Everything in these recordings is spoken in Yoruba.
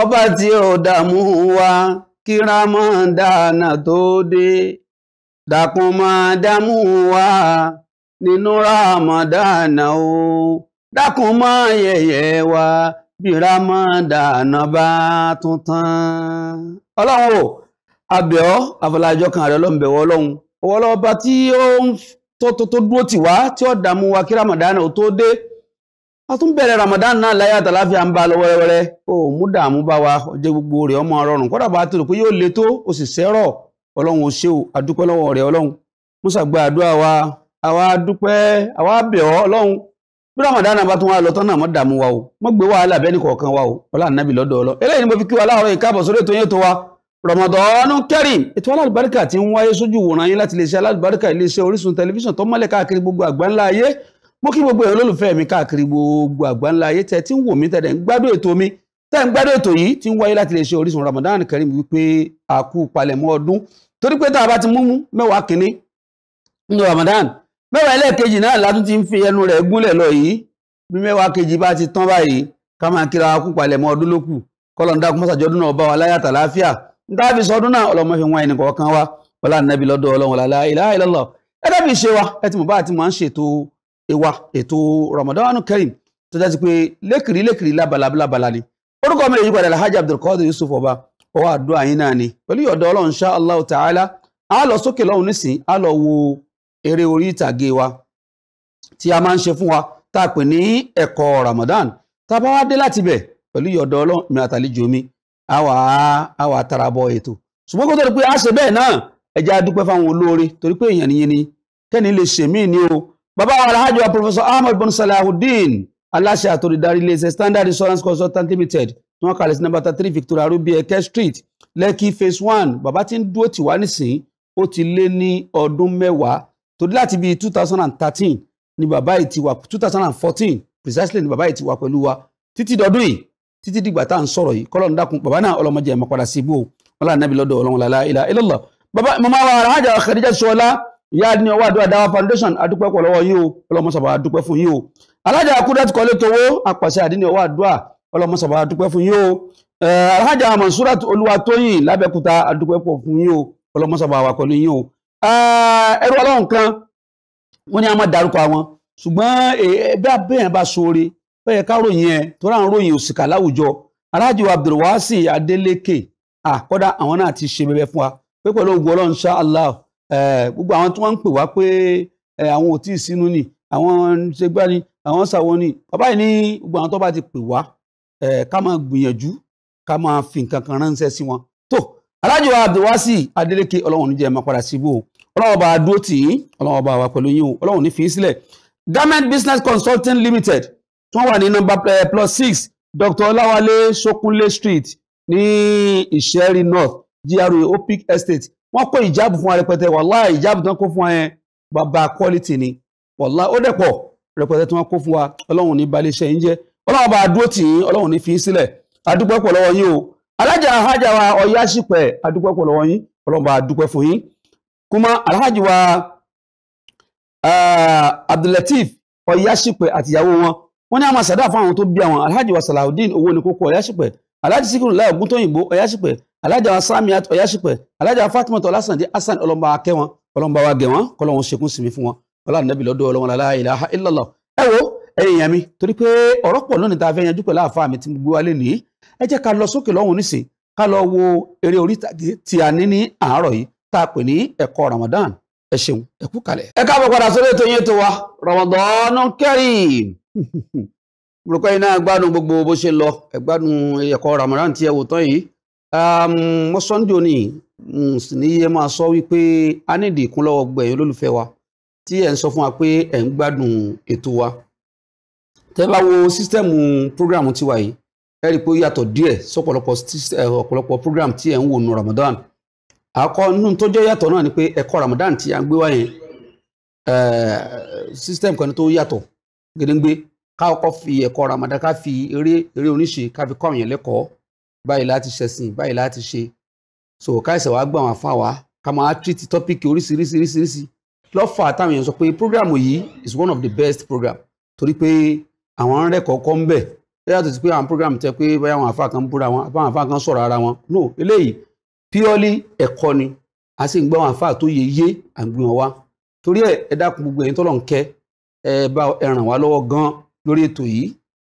ọba tí ó dààmú wa kí rámọ́dánà tó dé dákun máa dààmú wa nínú rámọ́dánà o dákun máa yẹ̀yẹ́ wa bí rámọ́dánà bá tún tán. ọlọ́run o abẹ́ọ́ àfọlájọ kan rẹ̀ lọ́nbẹ̀wọ́ ọlọ́run ọwọ́ lọ́ba tí ó tó dúró tì wá tí ó dààmú wa kí rámọ́dánà ó tó dé. a tún bẹ̀rẹ̀ Ramadan náà láyé àtàláfíà ń bá lọ wẹ́rẹ́wẹ́rẹ́ ó mú dààmú bá wa ọjọ́ gbogbo rẹ̀ ọmọ ọrọ̀rùn kọ́dà bá tó rò pé yóò le tó o sì sẹ́rọ̀ ọlọ́run ò ṣe o àdúpẹ́ lọ́wọ́ rẹ̀ ọlọ́run musa gba àdúrà wa àwa dúpẹ́ àwa bẹ̀ ọ́ ọlọ́run bí Ramadan náà bá tún wá lọ tán náà mọ́ dààmú wa o mọ́ gbé wàhálà bẹ́ẹ̀ nìkọ̀ọ̀kan wa o ọlá nàbì lọ́dọ̀ ọlọ́ eléyìí ni mo fi kí wa láàárọ̀ ìkáàbọ̀ sórí ètò yẹn tó wa Ramadan Kareem ètò alábàríkà ti ń wáyé sójú wòran yín láti iléeṣẹ́ alábàríkà iléeṣẹ́ Orísun tẹlifíṣàn tó mọ́lẹ̀ káàkiri gbogbo àgbáńlá ayé mo kí gbogbo ẹ̀rọ olólùfẹ́ mi káàkiri gbogbo àgbáńlá ayé tẹ́ tí ń wò mí tẹ́ ń gbádùn ètò mi tẹ́ ń gbádùn ètò yìí tí ń wáyé láti lè ṣe Orísun Ramadan Kareem wípé a palẹ̀mọ́ ọdún torí pé tá a bá ti múmú mẹ́wàá kínní nínú Ramadan mẹ́wàá ẹlẹ́ẹ̀kejì náà látún ti ń fi ẹnu rẹ̀ gúnlẹ̀ lọ yìí bí mẹ́wàá kejì bá ti tán báyìí ká máa kíra wa kú palẹ̀mọ́ ọdún ló kù kọ́lọ́ndà wa láyàtà láàfíà níta fi sọ ọdún náà ọlọ́mọ fi wọn ẹnì kọ̀ọ̀kan ń ṣètò ìwà ètò Ramadan Kareem tó jásí pé lékìrí lékìrí lábalábala ni orúkọ mi lè yípadà Alhaji Abdulkadir Yusuf Ọba ọwọ́ àdúrà yín náà ni pẹ̀lú ọ̀dọ̀ Ọlọ́run insha Allah ta'ala á lọ sókè lọ́hùn nísìn á lọ wo eré orí ìtàgé wa tí a máa ń ṣe fún wa tá a pè ní ẹ̀kọ́ Ramadan tá a bá wá dé láti bẹ̀ pẹ̀lú ọ̀dọ̀ Ọlọ́run mi àtàlejò mi àwa àwa tarabọ ètò ṣùgbọ́n kó tó di pé a ṣe bẹ́ẹ̀ náà ẹ jẹ́ dúpẹ́ fáwọn olóore torí pé èèyàn nìyẹn ni kẹ́ni lè ṣèmí ni o bàbá wa alhaji wa professor ahmed bin salahuddin Alasha aláṣẹ àtòrídarí iléeṣẹ́ standard insurance consultant limited tí wọ́n kàlẹ̀ sí nàbàtà three victoria rubi eke street lẹ́kì phase one bàbá tí ń dúró tì wá nísìnyí ó ti lé ní ọdún mẹ́wàá torí láti bíi two thousand and thirteen ni bàbá yìí ti wà two thousand and fourteen precisely ni bàbá yìí ti wà pẹ̀lú wa títí dọdún yìí títí dìgbà tá à ń sọ̀rọ̀ yìí kọ́lọ́ ń dákun bàbá náà ọlọ́mọdé ẹ̀ mọ́ padà sí ibú o wọn là nàbí lọ́dọ̀ ọlọ́run làlá ilà ilọ́lọ́ bàbá màmá wa alhaja khadija sọlá ìyá ni ọwọ́ àdúrà dáwà foundation adúpẹ́ pọ̀ lọ́wọ́ yín o ọlọ́mọsàbà adúpẹ́ fún yín o alájà akúdàtì kọ́lé towó àpàṣẹ àdínní ọwọ́ àdúrà ọlọ́mọsàbà adúpẹ́ fún yín o alájà Mansurat Olúwatóyìn lábẹ́kúta adúpẹ́ pọ̀ fún yín o ọlọ́mọsàbà wà kọ́lé yín o ẹrú ọlọ́run kan wọ́n ní a máa dárúkọ àwọn ṣùgbọ́n bí abẹ́yẹn bá ṣoore bẹ́ẹ̀ ká ròyìn ẹ̀ tó rà ń Adeleke àkọ́dá àwọn náà ti ṣe bẹbẹ fún wa pé pẹ̀lú ògùn Allah Eh, gbogbo àwọn tí wọ́n ń pè wá pé eh, àwọn ò tí ì sínú ni àwọn ṣègbà ni àwọn ṣàwọn ni bàbá yìí ní gbogbo àwọn tó bá ti pè wá eh, ká máa gbìyànjú ká máa fi nǹkan kan ránṣẹ́ sí wọn tó alájọ Abdulwasi Adeleke ọlọ́run níjẹ́ máa padà síbò ọlọ́run bá dúró tì í ọlọ́run bá wà pẹ̀lú yín o ọlọ́run ní fi í Garment Business Consulting Limited tí wọ́n wà ní nọ́mbà plus six Dr. Ọláwálé Ṣókúnlé Street ní Ìṣẹ́rí North GRA Opic Estate wọ́n kó ìjáàbù fún wa rẹpẹtẹ wàláhì ìjáàbù tí wọ́n kó fún wa yẹn bàbá quality ni wàláhì ó dẹ̀pọ̀ rẹpẹtẹ tí wọ́n kó fún wa ọlọ́run ní balẹ̀ iṣẹ́ yín jẹ́ ọlọ́run bá dúró tì yín ọlọ́run ní fi í sílẹ̀ adúpẹ́ pọ̀ lọ́wọ́ yín o alájà ahájà wa ọ̀yá ṣìpẹ̀ adúpẹ́ pọ̀ lọ́wọ́ yín ọlọ́run bá dúpẹ́ fún yín kúmọ́ alájì wa abdulateef ọ̀yá ṣìpẹ̀ àtìyàwó wọn wọ́n ní àwọn sàdá fún àwọn tó bí àwọn alájì wa salahudeen owó ní kókó ọ̀yá ṣìpẹ̀ aláàjì síkírù láì ògúntóyìnbó ọ̀yáṣípẹ̀ aláàjì àwọn samiat ọ̀yáṣípẹ̀ aláàjì àwọn fatimata ọlásàndé hasan ọlọ́mọba wa kẹ́ wọn ọlọ́mọba wa gẹ̀ wọn kọ́lọ́wọn ṣekún sinmi fún wọn ọlọ́run nàbí lọ́dọ̀ ọlọ́wọ́n la ilaha illallah ẹ wo ẹ̀yin yẹn mi torí pé ọ̀rọ̀ pọ̀ lónìí tá a fẹ́ yanjú pẹ̀lú àfa mi ti gbé wálé nìyí ẹ jẹ́ ká lọ sókè lọ́hùn nísìn ká lọ wo eré orí ìtàgé a ní ní àárọ̀ yìí tá a pè ní ẹ̀kọ́ Ramadan ẹ ṣeun ẹ kú kalẹ̀. ẹ káàbọ̀ padà sórí ètò yẹn tó wa Ramadan Kareem rògbé iná gbádùn gbogbo bó ṣe lọ ẹgbádùn ẹ̀kọ́ Ramadan tí ẹ wò tán yìí um, mo sọ níjó ni sì ní yẹ máa sọ wípé a ní ìdìkún lọ́wọ́ gbẹ̀yìn olólùfẹ́ wa tí ẹ̀ ń sọ fún wa pé ẹ̀ ń gbádùn ètò wa tẹ́ bá wo sísítẹ́ẹ̀mù prógráàmù tiwa yìí ẹ rí i pé ó yàtọ̀ díẹ̀ sọ́pọ̀lọpọ̀ ọ̀pọ̀lọpọ̀ program tí ẹ̀ ń wò nù Ramadan àkọ́ nínú tó jẹ́ yàtọ̀ náà ni pé ẹ̀kọ́ Ramadan tí a ń gbé wá yẹn system kan tó yàtọ̀ gédéǹgbé ká kọ́kọ́ fi ẹ̀kọ́ Ramadan ká fi eré eré oníṣe ká fi kọ́ èèyàn lẹ́kọ̀ọ́ báyìí láti ṣẹ̀sìn báyìí láti ṣe so ká ẹsẹ̀ wàá gbà wọn fún wa ká máa treat tọ́píkì oríṣiríṣi oríṣiríṣi lọ́fà táwọn èèyàn sọ pé program yìí is one of the best program torí pé àwọn ń rẹ́kọ̀ọ́ kọ́ ń bẹ̀ bẹ́ẹ̀ tó ti pé àwọn program tẹ pé báyà àwọn àfa kan búra wọn àwọn àfa kan sọ̀rọ̀ ara wọn no eléyìí purely ẹ̀kọ́ ni a sì ń gbọ́ àwọn àfa tó yẹ yé à ń gbé wọn wá torí ẹ̀ ẹ dákun gbogbo ẹ̀yin tọ́lọ̀ ń kẹ́ ẹ bá ẹ ràn wá lọ́wọ́ gan-an lórí ètò yìí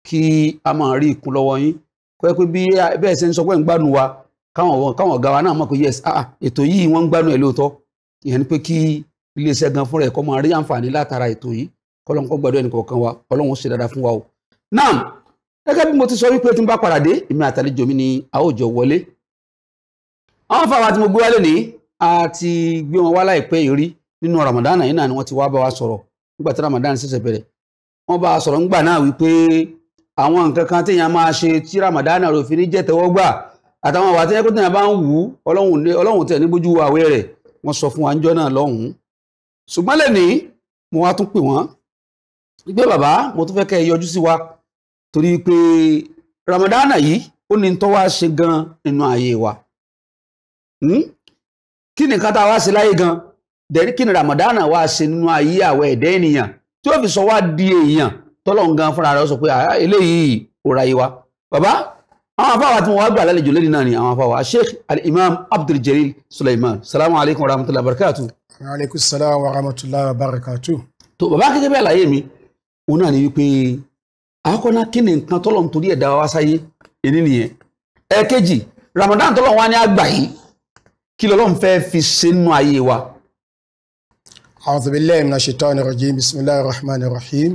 kí a máa rí ìkún lọ́wọ́ yín kọ́ ẹ pé bí bẹ́ẹ̀ ṣe ń sọ pé ń gbádùn wa káwọn ọ̀gá wa náà mọ̀ pé yes ah, ah ètò yìí wọ́n ń gbádùn ẹ̀ lóòótọ́ ìyẹn ni pé kí iléeṣẹ́ gan fúnra ẹ̀ kọ́ máa rí àǹfààní látara ètò yìí kọ́lọ́n kọ́ gbàdúrà ẹnìkọ̀ọ̀kan wa ọlọ́run ṣe dáadáa fún wa o. náà gẹ́gẹ́ bí mo ti sọ wípé tí n bá padà èmi àtàlejò mi ni a ó jọ wọlé. àwọn fàwọn àti mo gbé wálé ní a ti gbé wọn wá láìpẹ́ yìí nínú Ramadan yìí náà ni wọ́n ti wá bá wa sọ̀rọ̀ nígbà tí Ramadan ṣẹ̀ṣẹ̀ bẹ̀rẹ̀ wọ́n bá a sọ̀rọ̀ ńgbà náà wípé àwọn nǹkan kan téèyàn máa ṣe tí ramadana rò fi ní jẹ́tẹ̀wọ́gbà àtàwọn àwọn àtẹ́yẹ́kọ́ téèyàn bá ń wù ọlọ́run tẹ̀ níbójú àwẹ̀ rẹ̀ wọ́n sọ fún wa níjọ́ náà lọ́hùn-ún ṣùgbọ́n lè ní mo wá tún pè wọ́n gbé bàbá mo tún fẹ́ kẹ́ ẹ yọjú sí wa torí pé ramadana yìí ó ní tọ́wá ṣe gan nínú ayé wa hmm? kí nìkan tá a wá ṣe láyé gan dẹ̀rí kí ni ramadana wá ṣe nínú ayé àwẹ̀ ẹ̀dẹ́ ènìyàn tí ó fi sọ wá di èèyàn tọ́lọ́run gan fúnra rẹ̀ sọ pé eléyìí ò ra yìí wa bàbá àwọn afáwà tí mo wá gbà lálejò lẹ́ni náà ni àwọn afáwà sheikh al-imam abdul jalil suleiman salamu alaykum wa rahmatulahi barakatu. aleykum salaam wa rahmatulahi barakatu. tó bàbá kékeré bí àlàyé mi òun náà ni wípé àkọ́kọ́ náà kí ni nǹkan tọ́lọ́run torí ẹ̀dá wa sáyé èní nìyẹn ẹ̀ẹ̀kejì ramadan tọ́lọ́run wa ni àgbà yìí kí lọ́lọ́run fẹ́ fi ṣe nínú ayé wa أعوذ بالله من الشيطان الرجيم بسم الله الرحمن الرحيم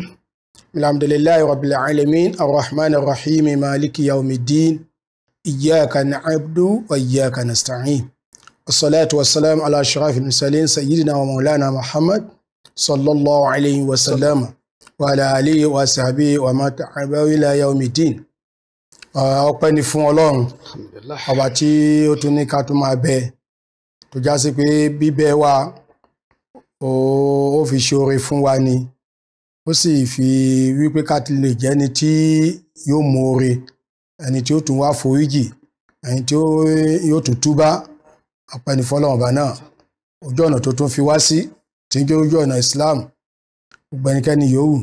الحمد لله رب العالمين الرحمن الرحيم مالك يوم الدين إياك نعبد وإياك نستعين الصلاة والسلام على أشرف المرسلين سيدنا ومولانا محمد صلى الله عليه وسلم وعلى آله وصحبه وما تبعه إلى يوم الدين ọpẹ́ ni fún ọlọ́run ọba tí ó tún ní ká tún ó fi ṣe oore fún wa ni ó sì fi wípé ká ti lè jẹ́ ẹni tí yóò mọ oore ẹni tí ó tún wá foríjì ẹni tí yóò tún túbá ọ̀pẹ́ni fọlọ́wọ́n náà ojú ọ̀nà tó tún fi wá sí tí ń jẹ́ ojú ọ̀nà Islam gbogbo ẹnikẹ́ni yòówù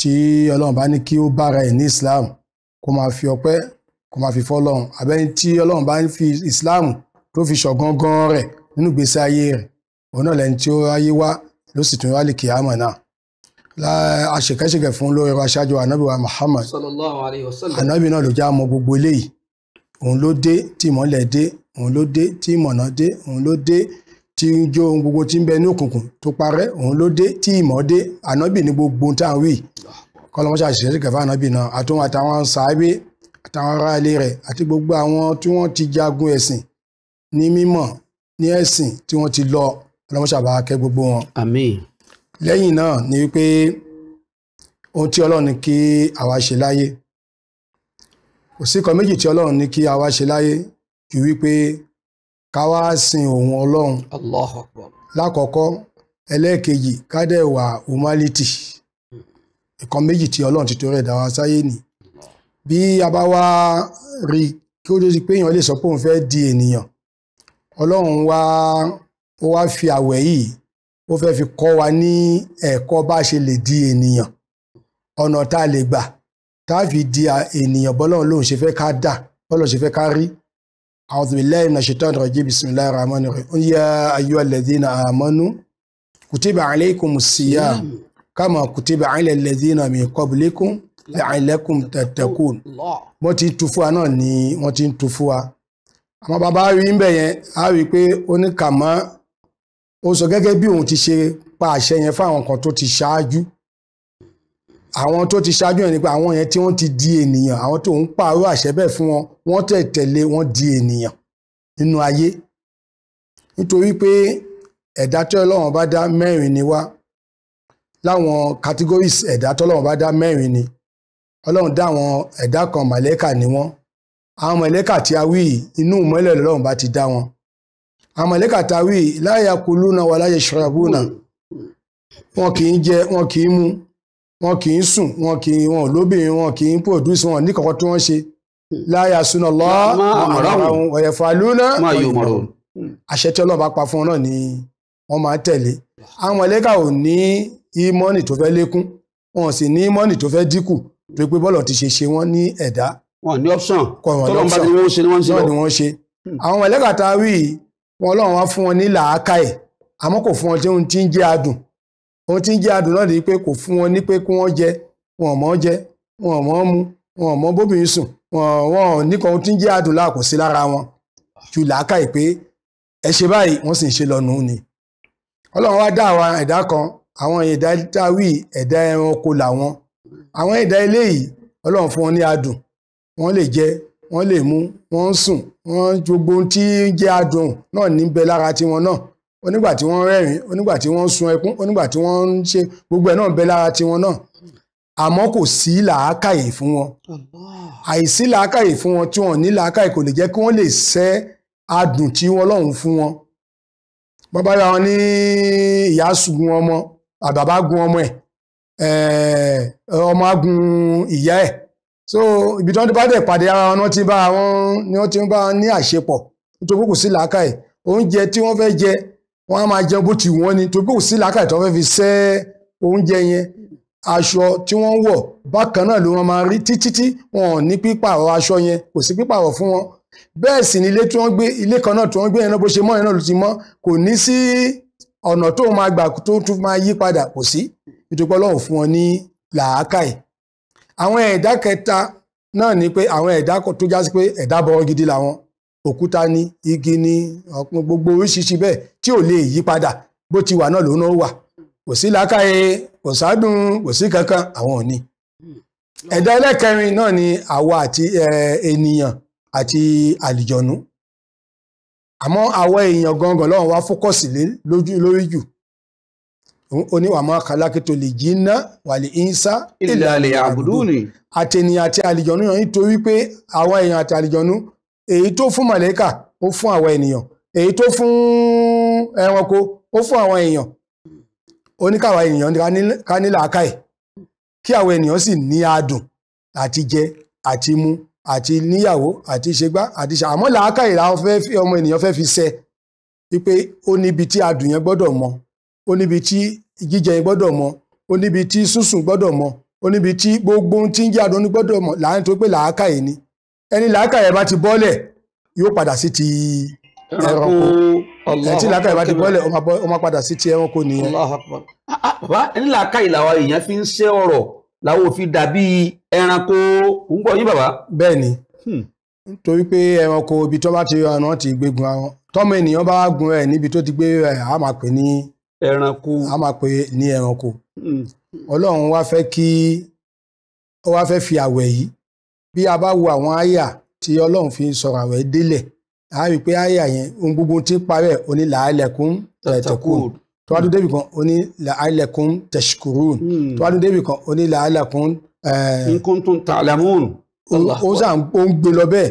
tí Ọlọ́run bá ní kí ó bára ẹ̀ ní Islam kó máa fi ọpẹ́ kó máa fi fọlọ́run àbẹ́ni tí Ọlọ́run ń fi Islam tó fi ṣọ̀gán gan rẹ̀ nínú ìgbésí ayé rẹ̀ òun náà lẹni tí ó ráyé wá ló sì tún rálì kìámà náà aṣèkẹ́ṣèkẹ́ fún lórí aṣáájú anábì wa Muhammad sallallahu alaihi wasallam anábì náà ló já mọ gbogbo eléyìí òun ló dé tí ìmọ̀lẹ̀ dé òun ló dé tí ìmọ̀nà dé òun ló dé tí ń jó ohun gbogbo tí ń bẹ ní òkùnkùn tó parẹ́ òun ló dé tí ìmọ̀ dé anábì ní gbogbo tá à ń wí kọ́lọ́mọṣẹ́ aṣèkẹ́ṣèkẹ́ fún anábì náà àtúnwọ̀n àtàwọn sàábé àtàwọn ará rẹ̀ àti gbogbo àwọn tí wọ́n ti jagun ẹ̀sìn ní mímọ̀ ní ẹ̀sìn tí wọ́n ti lọ ọlọ́run ṣàbá kẹ́ gbogbo wọn. àmín. lẹ́yìn náà ni wípé ohun tí ọlọ́run ní kí àwa ṣe láyé kò sí kan méjì tí ọlọ́run ní kí àwa ṣe láyé ju wípé ká wá sin òun ọlọ́run. lákọ̀ọ́kọ́ ẹlẹ́ẹ̀kejì kádẹ́wà humanity nǹkan méjì tí ọlọ́run ti torí ẹ̀dá wa sáyé nì bí a bá wá rí kí ó tó di pé èèyàn lè sọ pé òun fẹ́ di ènìyàn ọlọ́run wá. Wa mo wá fi àwẹ̀ yìí mo fẹ́ fi kọ́ wa ní ẹ̀kọ́ bá a ṣe lè di ènìyàn ọ̀nà tá a lè gbà tá a fi di ènìyàn bọ́lọ́run lòun ṣe fẹ́ ká dà bọ́lọ́run ṣe fẹ́ ká rí a'udhu billahi minash shaitani rajim bismillahir rahmanir rahim ya ayyuhal ladhina amanu kutiba alaykumus siyam kama kutiba alal ladhina min qablikum la'allakum tattaqun wọ́n ti ń tu fún wa náà ni wọ́n ti ń tu fún wa àmọ́ bàbá rí ń bẹ̀ yẹn á rí i pé oníkàmọ́ ó sọ gẹ́gẹ́ bí òun ti ṣe pa àṣẹ yẹn fáwọn kan tó ti ṣáájú àwọn tó ti ṣáájú yẹn ni pé àwọn yẹn tí wọ́n ti di ènìyàn àwọn tó ń pààrọ̀ àṣẹ bẹ́ẹ̀ fún wọn wọ́n tẹ̀ tẹ̀lé wọ́n di ènìyàn nínú ayé nítorí pé ẹ̀dá tí Ọlọ́run bá dá mẹ́rin ni wá láwọn categories ẹ̀dá tí Ọlọ́run bá dá mẹ́rin ni Ọlọ́run dá àwọn ẹ̀dá kan màlẹ́kà ni wọ́n àwọn màlẹ́kà tí a wí inú ìmọ́lẹ̀ Ọlọ́run bá ti dá wọn àmàlẹ́kà tàwí la yakuluna wala yashrabuna hmm. wọn kì í jẹ wọn kì í mu wọn kì í sùn wọn kì wọn lóbìnrin wọn kì í produce wọn ní tí wọ́n ṣe la yasuna Allah àràwọn ọ̀yẹ̀fàlúnà àṣẹ tí Ọlọ́run bá pa fún wọn náà ni wọ́n máa tẹ̀lé àmàlẹ́kà ò ní ìmọ́nì tó fẹ́ lékún wọn sì ní ìmọ́nì tó fẹ́ dínkù tó pé bọ́ọ̀lù ti ṣe ṣe wọ́n ní ẹ̀dá wọn ní option tọ́lọ́mbà ni wọ́n ṣe ni wọ́n ṣe àwọn màlẹ́kà tàwí wọn ọlọ́run wá fún wọn ní làákàyè àmọ́ kò fún wọn tí ohun tí ń jẹ́ adùn ohun tí ń jẹ́ adùn náà ni pé kò fún wọn ní pé kí wọ́n jẹ wọn ò mọ̀ jẹ wọn ò mọ̀ mu wọn ò mọ̀ bóbìnrin sùn wọn ò ní kan ohun tí ń jẹ́ adùn láàkó sí lára wọn ju làákàyè pé ẹ ṣe báyìí wọ́n sì ń ṣe lọ́nu ni ọlọ́run wá dá àwọn ẹ̀dá kan àwọn ẹ̀dá táwí ẹ̀dá ẹranko làwọn àwọn ẹ̀dá eléyìí ọlọ́run fún wọn ní adùn wọ́n lè jẹ wọ́n lè mu wọ́n ń sùn wọ́n gbogbo tí ń jẹ́ adùn náà níbẹ̀ lára tiwọn náà onígbà tí wọ́n rẹ́rìn onígbà tí wọ́n sun ẹkún onígbà tí wọ́n ń ṣe gbogbo ẹ̀ náà ń bẹ lára tiwọn náà àmọ́ kò sí làákàyè fún wọn àìsí làákàyè fún wọn tí wọn ní làákàyè kò lè jẹ́ kí wọ́n lè sẹ́ adùn tí wọ́n lọ́hùn fún wọn bàbá ra wọn ní ìyá sùn ọmọ àbàbá gun ọmọ ẹ̀ ọmọ agun ìyá ẹ̀ so ibi tí wọ́n ti bá dẹ̀ pàdé ara wọn ti bá wọn ni wọ́n ti bá wọn ní àṣepọ̀ nítorí kò sí làákàyè oúnjẹ tí wọ́n fẹ́ jẹ wọ́n á máa jẹun bó ti wọ́n ni torí kò sí làákàyè tí wọ́n fẹ́ fi sẹ́ oúnjẹ yẹn aṣọ tí wọ́n ń wọ̀ bákan náà ló wọ́n máa rí títí tí wọn ò ní pípààrọ̀ aṣọ yẹn kò sí pípààrọ̀ fún wọn bẹ́ẹ̀ sì ni ilé tí wọ́n gbé ilé kan náà tí wọ́n gbé yẹn náà bó ṣe mọ́ yẹn náà ló ti mọ́ kò ní sí ọ̀nà tó máa gbà tó tún máa yí padà kò sí nítorí Ọlọ́run fún wọn ní làákàyè àwọn ẹ̀dá kẹta náà ni pé àwọn ẹ̀dá tó já sí pé ẹ̀dá bọ̀rọ̀ gidi làwọn òkúta ni igi ni ọ̀pọ̀ gbogbo oríṣiríṣi bẹ́ẹ̀ tí ò lè yí padà bó ti wà náà lòun náà wà kò sí làákàyè kò sádùn kò sí kankan àwọn ò ní. ẹ̀dá ẹlẹ́kẹrin náà ni àwa àti ènìyàn àti àlìjọ̀nú àmọ́ àwa èèyàn gangan lọ́wọ́ wa fókọ̀sì lórí jù ó ní wà máa kàlákì tó lè jinna wàlì ìnsá illa liya'buduni àtẹnìyàn àti àlìjọ̀nú yàn nítorí pé àwa èèyàn àti àlìjọ̀nú èyí tó fún màlẹ́kà ó fún àwa ènìyàn èyí tó fún ẹranko ó fún àwa èèyàn ó ní káwa ènìyàn ká ní làákàyè kí àwa ènìyàn sì ní adùn àti jẹ àti mu àti níyàwó àti ṣègbà àti ṣà àmọ́ làákàyè làwọn ọmọ ènìyàn fẹ́ fi ṣe wípé ó níbi tí adùn yẹn gbọ́dọ̀ mọ ó níbi tí jíjẹ yẹn gbọ́dọ̀ mọ ó tí gbọ́dọ̀ mọ tí gbogbo ohun tí ń jẹ́ àdóní gbọ́dọ̀ mọ láàrín tó pé làákàyè ni ẹni làákàyè bá ti bọ́lẹ̀ yóò padà sí ti ẹranko ẹni tí bá ti bọ́lẹ̀ ó máa padà sí ti ẹranko nìyẹn. Ah, ah, bàbá ẹni làwọn èèyàn fi ń ṣe ọ̀rọ̀ làwọn fi dàbí ẹranko ń yín bàbá. bẹ́ẹ̀ ni hmm. nítorí pé ẹranko ibi bá ti ti gbégun tọ́mọ ènìyàn bá wá gun ẹ̀ níbi tó ti gbé ẹ̀ á máa pè ní ẹranko. a máa pè ní ẹranko. Hmm. ọlọ́run wá fẹ́ kí ó wá fẹ́ fi àwẹ̀ yìí bí a bá wo àwọn àyà tí ọlọ́run fi sọ̀rọ̀ àwẹ̀ délẹ̀ a rí i pé àyà yẹn ohun gbogbo tí ń parẹ́ òní làálẹ̀kún tẹ̀tẹ̀kù tọ́wádú débì kan òní làálẹ̀kún tẹ̀síkùrún tọ́wádú débì kan òní làálẹ̀kún. nkuntun tàlámùn. ó sàn ó ń gbé lọ bẹ́ẹ̀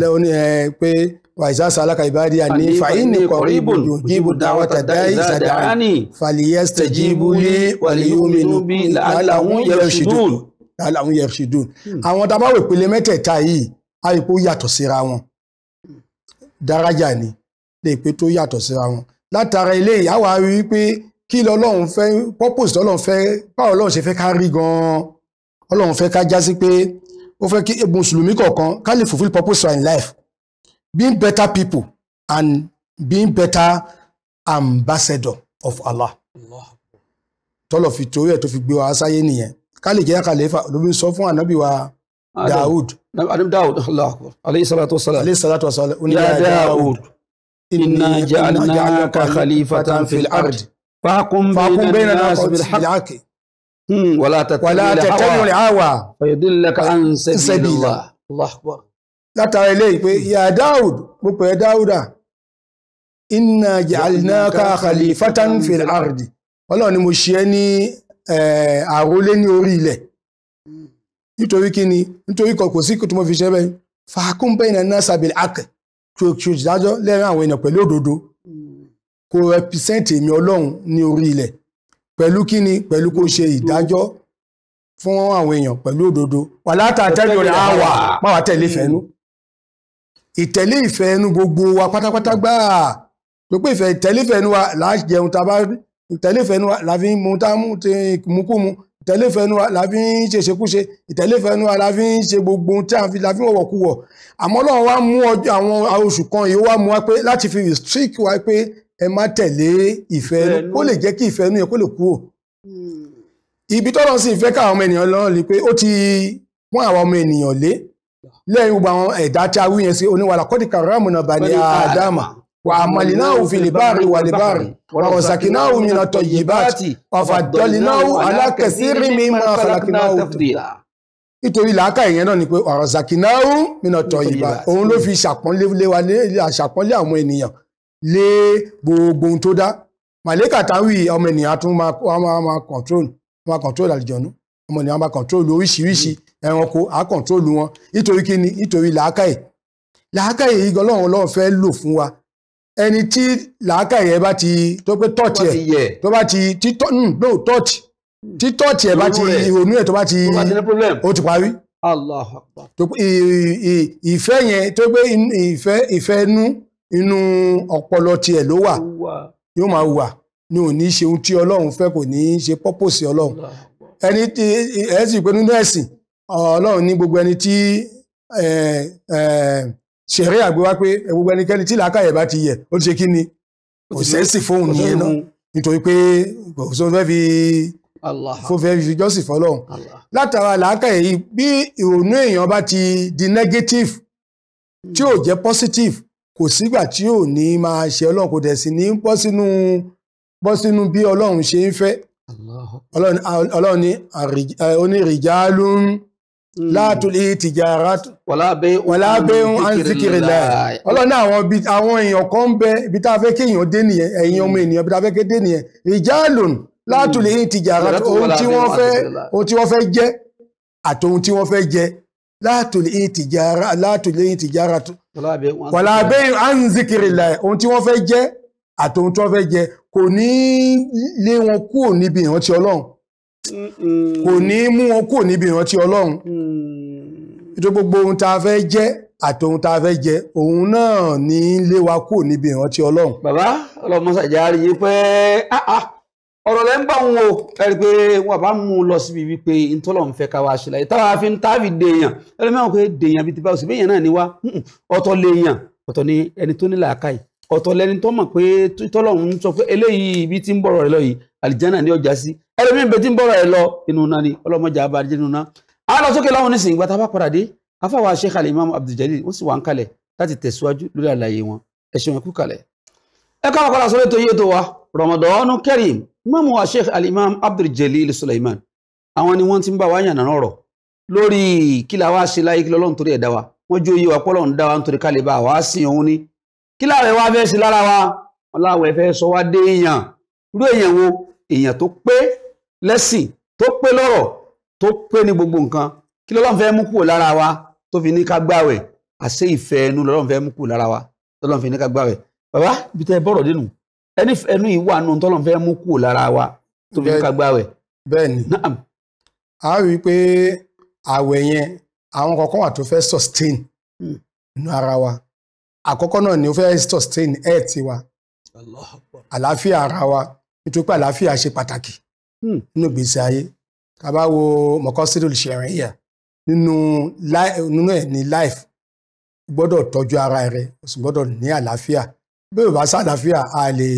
lẹ́wọ́n hmm. ni pé. وإذا سألك عبادي أني فإني قريب أجيب دعوة الداعي إذا دعاني فليستجيبوا لي وليؤمنوا بي لعلهم يرشدون لعلهم يرشدون àwọn tá a bá wò ìpele mẹ́tẹ̀ẹ̀ta yìí a rí pé ó yàtọ̀ síra ni lè pé tó yàtọ̀ síra wọn látara eléyìí a wá rí pé kí lọ́lọ́run fẹ́ purpose lọ́lọ́run fẹ́ báwo lọ́run ṣe fẹ́ ká rí gan-an ọlọ́run fẹ́ ká já sí pé ó fẹ́ kí mùsùlùmí kọ̀ọ̀kan ká lè fulfil purpose in life being better people and being better ambassador of Allah. tọ́lọ̀ fi torí ẹ̀ tó fi gbé wa sáyé nìyẹn ká lè jẹ́ kàlẹ́fà ló fi sọ fún ànábì wa Dawud. Adam Dawud alayhi salatu wa salam. Alayhi salatu wa salam. Ya Dawud. Inna ja'alnaka khalifatan fil ard. Fahkum bayna nas bil haqq. Hmm, Wala tattabi'il hawa. Fayudillaka an sabilillah. Allah akbar látara eléyìí pé ya dáúd mo pè é dáúdà inna ja'alnaka khalifatan fil ardi ọlọ́run ni mo ṣe é ní eh, àrólé ní orí ilẹ̀ nítorí kí ni nítorí kò sí tí mo fi ṣe bẹ́ẹ̀ fàákùn bẹ́ẹ̀ náà náà sàbẹ̀lẹ̀ àkẹ́ ṣòṣò ìdájọ́ lẹ́rìn àwọn èèyàn pẹ̀lú òdodo kò rẹpìsẹ́ǹtì èmi ọlọ́run ní orí ilẹ̀ pẹ̀lú kí ni pẹ̀lú kó ṣe ìdájọ́ fún àwọn èèyàn pẹ̀lú òdodo wà látàtẹ́lẹ̀ rẹ̀ á wà má wà tẹ̀lé fẹ́nu ìtẹ̀lé ìfẹ́ ẹnu gbogbo wa pátápátá gbáà tó pé ìfẹ́ ìtẹ̀lé ìfẹ́ ẹnu wa là á jẹun tá a bá rí ìtẹ̀lé ìfẹ́ ẹnu wa là fi ń mu tá a mú ti mú kú mu ìtẹ̀lé ìfẹ́ ẹnu wa là fi ń ṣe ṣekúṣe ìtẹ̀lé ìfẹ́ ẹnu wa là fi ń ṣe gbogbo tí a fi là fi ń wọ̀wọ̀ kú wọ̀ àmọ́ Ọlọ́run wá mú àwọn oṣù kan yìí wá mú wa pé láti fi restrict wa pé ẹ má tẹ̀lé ìfẹ́ ẹnu kó lè jẹ́ kí ìfẹ́ ẹnu yẹn kó lè kúrò hmm. ibi tọ́lọ́ sì káwọn ọmọ ènìyàn lọ́rùn ni pé ó ti pọ́n àwọn ọmọ ènìyàn lé lẹ́yìn gbogbo àwọn ẹ̀dá tí a wí yẹn sí oníwàlá kọ́dí kàrámù náà bá ní àdámà wà á màlì náà ò fi lè báàrí wà lè báàrí wà sàkì náà ò yìnà tọ̀ yìí báàtì ọ̀fà dọ́lì náà ò alákẹ̀sí rí mi máa fàlàkì náà ò nítorí làákà ìyẹn náà ni pé ọ̀rọ̀ zakinaru mina tọ̀yìnbá òun ló fi ṣàpọ́nlé wa ṣàpọ́nlé àwọn ènìyàn lé gbogbo ohun tó dá màlẹ́kà táwí ọmọ ènìyàn tún máa kọ̀ntrol máa kọ̀ntrol àlùjọ̀nú ọmọnìyàn máa kọ̀ntrólù oríṣiríṣi ẹranko á kọ̀ntrólù wọn nítorí kí ni nítorí làákàyè làákàyè yìí ọlọ́run ọlọ́run fẹ́ lò fún wa ẹni tí làákàyè ẹ bá ti tó pé tọ́ọ̀tì ẹ̀ tó bá ti tí tọ́ọ̀tì hmm, tí tọ́ọ̀tì ẹ̀ bá ti ìrònú ẹ̀ tó bá ti ó ti parí. Allahu Akbar. ìfẹ́ yẹn tó pé ìfẹ́ ìfẹ́ inú inú ọpọlọ tiẹ̀ ló wà yóò máa wà ni ò ní ṣe ohun tí ọlọ́run fẹ́ kò ní ṣe pọ́pọ́sì ọlọ́run ẹni tí ẹ sì pé nínú ẹ̀sìn ọlọ́run ní gbogbo ẹni tí ṣẹ̀rí àgbéwá pé gbogbo ẹnikẹ́ni tí làákàyè bá ti yẹ ó ti ṣe kí ni kò sẹ́sì fóun nìyẹn náà nítorí pé kò sọ fẹ́ fi fó fẹ́ fi jọ́sìn fọlọ́run látara làákàyè yìí bí ìrònú èèyàn bá ti di negative hmm. tí ò jẹ́ positive kò sígbà tí ò ní máa ṣe ọlọ́run kò dẹ̀ sí ní bọ́ sínú bí ọlọ́run ṣe ń fẹ́ ọlọ́run ní onírìjálún látúlé tìjára wàlábéhún ánzíkìrìlá ọlọ́run àwọn èèyàn kan ń bẹ ibi tá a fẹ́ kí èèyàn dé nìyẹn ẹ̀yin ọmọ hmm. ènìyàn ibi tá a fẹ́ kí dé nìyẹn rìjálún látúlé tìjára ohun tí wọ́n fẹ́ jẹ́ àti ohun tí wọ́n fẹ́ jẹ́ látúlé tìjára wàlábéhún ánzíkìrìlá ohun tí wọ́n fẹ́ jẹ́ àtòun tó fẹ́ jẹ kò ní lé wọn kúrò níbi ìrántí ọlọ́run kò ní mú wọn kúrò níbi ìrántí ọlọ́run mm. nítorí gbogbo ohun tá a fẹ́ jẹ́ àtòun tá a fẹ́ jẹ òun náà ní lé wa kúrò níbi ìrántí ọlọ́run. bàbá ọlọmọsàjà rí i pé ah, ah, ọ̀rọ̀ lẹ́ ń bá wọn o ẹ̀rí pé wọn bá mú un lọ síbi wípé ntọ́lọ̀ fẹ́ ká wá ṣẹlẹ̀ táwa fi ń táàbì dèèyàn ẹlẹ́mẹ̀wọ̀n pé dèèyàn bíi ti báwo sì ni wá ni ẹni ọ̀tọ̀ lẹni tó mọ̀ pé tọ́lọ́run ń sọ pé eléyìí ibi tí ń bọ̀rọ̀ rẹ lọ yìí àlìjánà ni ọjà sí ẹlòmíín bẹ tí ń bọ̀rọ̀ rẹ lọ inú náà ni ọlọ́mọdé abadé inú náà. àwọn lọ sókè láwọn onísìn ìgbà tá a bá padà dé afáwa Sheikh Al-Imam Abdul Jalil ó sì wà ń kalẹ̀ láti tẹ̀síwájú lórí àlàyé wọn ẹ ṣeun ẹkú kalẹ̀. ẹ káwọn kọ́ra wa Ramadan Kareem mọ́mú wa Sheikh Al-Imam Abdul Sulaiman àwọn ni wọ́n ti ń bá wa yànnà náà rọ̀ lórí kí la wá ṣe láyé kí lọ́lọ́run kí láàrẹ wá fẹ́ sí lára wa ọláwẹ̀ fẹ́ sọ wá dé èèyàn irú èèyàn wo èèyàn tó pé lẹ́sìn tó pé lọ́rọ̀ tó pé ní gbogbo nǹkan kí lọ́lọ́run fẹ́ mú kúrò lára wa tó fi ní ká gbàwẹ̀ àṣé ìfẹ́ ẹnu lọ́lọ́run fẹ́ mú kúrò lára wa tọ́lọ́run fi ní ká gbàwẹ̀ bàbá ibi tẹ́ bọ̀rọ̀ dénú ẹni ẹnu ìwà nù tọ́lọ́run fẹ́ mú kúrò lára wa tó fi ní ká gbàwẹ̀. bẹ́ẹ̀ni a rí i pé àwẹ̀ yẹn àwọn kọ̀ọ̀kan wà tó fẹ́ sustain hmm. nínú ara wa àkọ́kọ́ náà ni ó fẹ́ sustain health wa àlàáfíà ara wa nítorí pé àlàáfíà ṣe pàtàkì hmm, nínú ìgbésí ayé ká bá wo mọ̀kọ́sídò ṣẹ̀rìn yà nínú ẹ̀ ní life gbọ́dọ̀ tọ́jú ara rẹ o sì gbọ́dọ̀ ní àlàáfíà bí o bá sá àlàáfíà a lè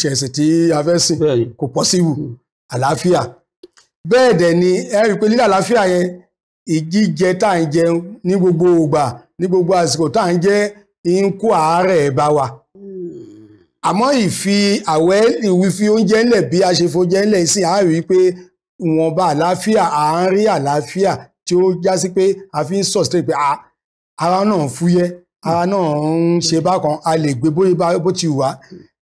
ṣẹ̀sìn tí a fẹ́ sìn kò pọ́síwù hmm. àlàáfíà bẹ́ẹ̀ dẹ̀ ni ẹ rí i pé lílà àlàáfíà yẹn ìjíjẹ tá à ń jẹun ní gbogbo ògbà ní gbogbo àsìkò tá à ń jẹ ń kó àárẹ̀ bá wa àmọ́ ìfi àwẹ̀ ìwífi oúnjẹ ńlẹ̀ bí a ṣe fojẹ ńlẹ̀ sí a rí pé ìwọ̀nba àlàáfíà à ń àlàáfíà tí ó já sí pé a fi ń sustain pé ah, ara náà ń fúyẹ́ ara náà ń ṣe bákan a lè gbé bóyá bó ti wà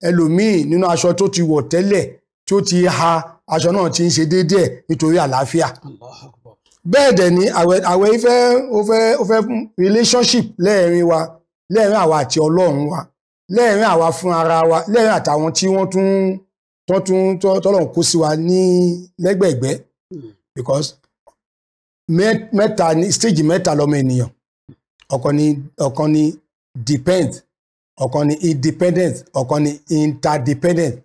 ẹlòmíì nínú aṣọ tó ti wọ̀ tẹ́lẹ̀ tí ó ti ha aṣọ náà ti ń ṣe déédéẹ̀ nítorí àlàáfíà bẹ́ẹ̀ dẹ̀ ni àwẹ̀ ìfẹ́ ó fẹ́ relationship lẹ́ẹ̀rin wa lẹ́ẹ̀rín àwa àti ọlọ́run wa lẹ́ẹ̀rín àwa fún ara wa lẹ́ẹ̀rín àtàwọn tí wọ́n tún tọ́ tún tọ́lọ́run kó sí wa ní lẹ́gbẹ̀gbẹ́ because mẹ́ta stage mẹ́ta lọ́mọ ènìyàn ọ̀kan ni ọ̀kan ni depend ọ̀kan ni independent ọ̀kan ni interdependent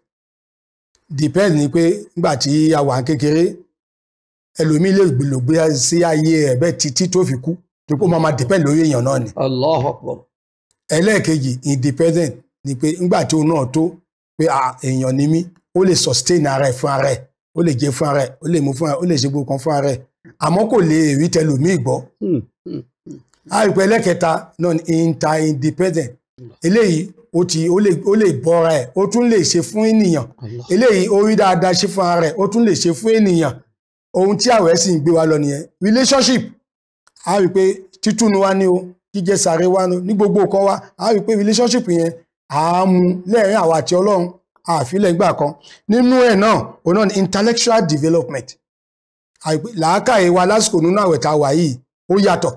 depend ni pé nígbà tí a wà kékeré ẹlòmíì lè gbèlògbé sí ayé ẹ̀ bẹ́ẹ̀ títí tó fi kú tó kó máa ma depend lórí èèyàn náà ni. Allahu Akbar ẹlẹ́ẹ̀kejì independent ni pé ti tí òun náà tó pé èèyàn ni mí ó lè sustain ara fún ara ó lè jẹ fún ara ó lè mú fún ara ó lè ṣe gbogbo kan fún ara àmọ́ kò lè rí tẹlòmíì gbọ́ àìpẹ́ hmm, hmm, hmm. ẹlẹ́kẹta náà ni inter-independent eléyìí ó ti ó lè bọ́ra ẹ̀ ó tún lè ṣe fún ènìyàn eléyìí ó rí dáadáa ara ó tún lè ṣe fún ènìyàn ohun tí àwẹ̀ sì wa lọ nìyẹn relationship a wa ni jíjẹ sàré wa ní gbogbo nǹkan wa a rí pé relationship yẹn à á mú lẹ́ẹ̀rín àwa àti ọlọ́run àfilẹ̀ ìgbà kan nínú ẹ̀ náà òun náà ni intellectual development làákàyè wa lásìkò nínú àwẹ̀ tá a wà yìí ó yàtọ̀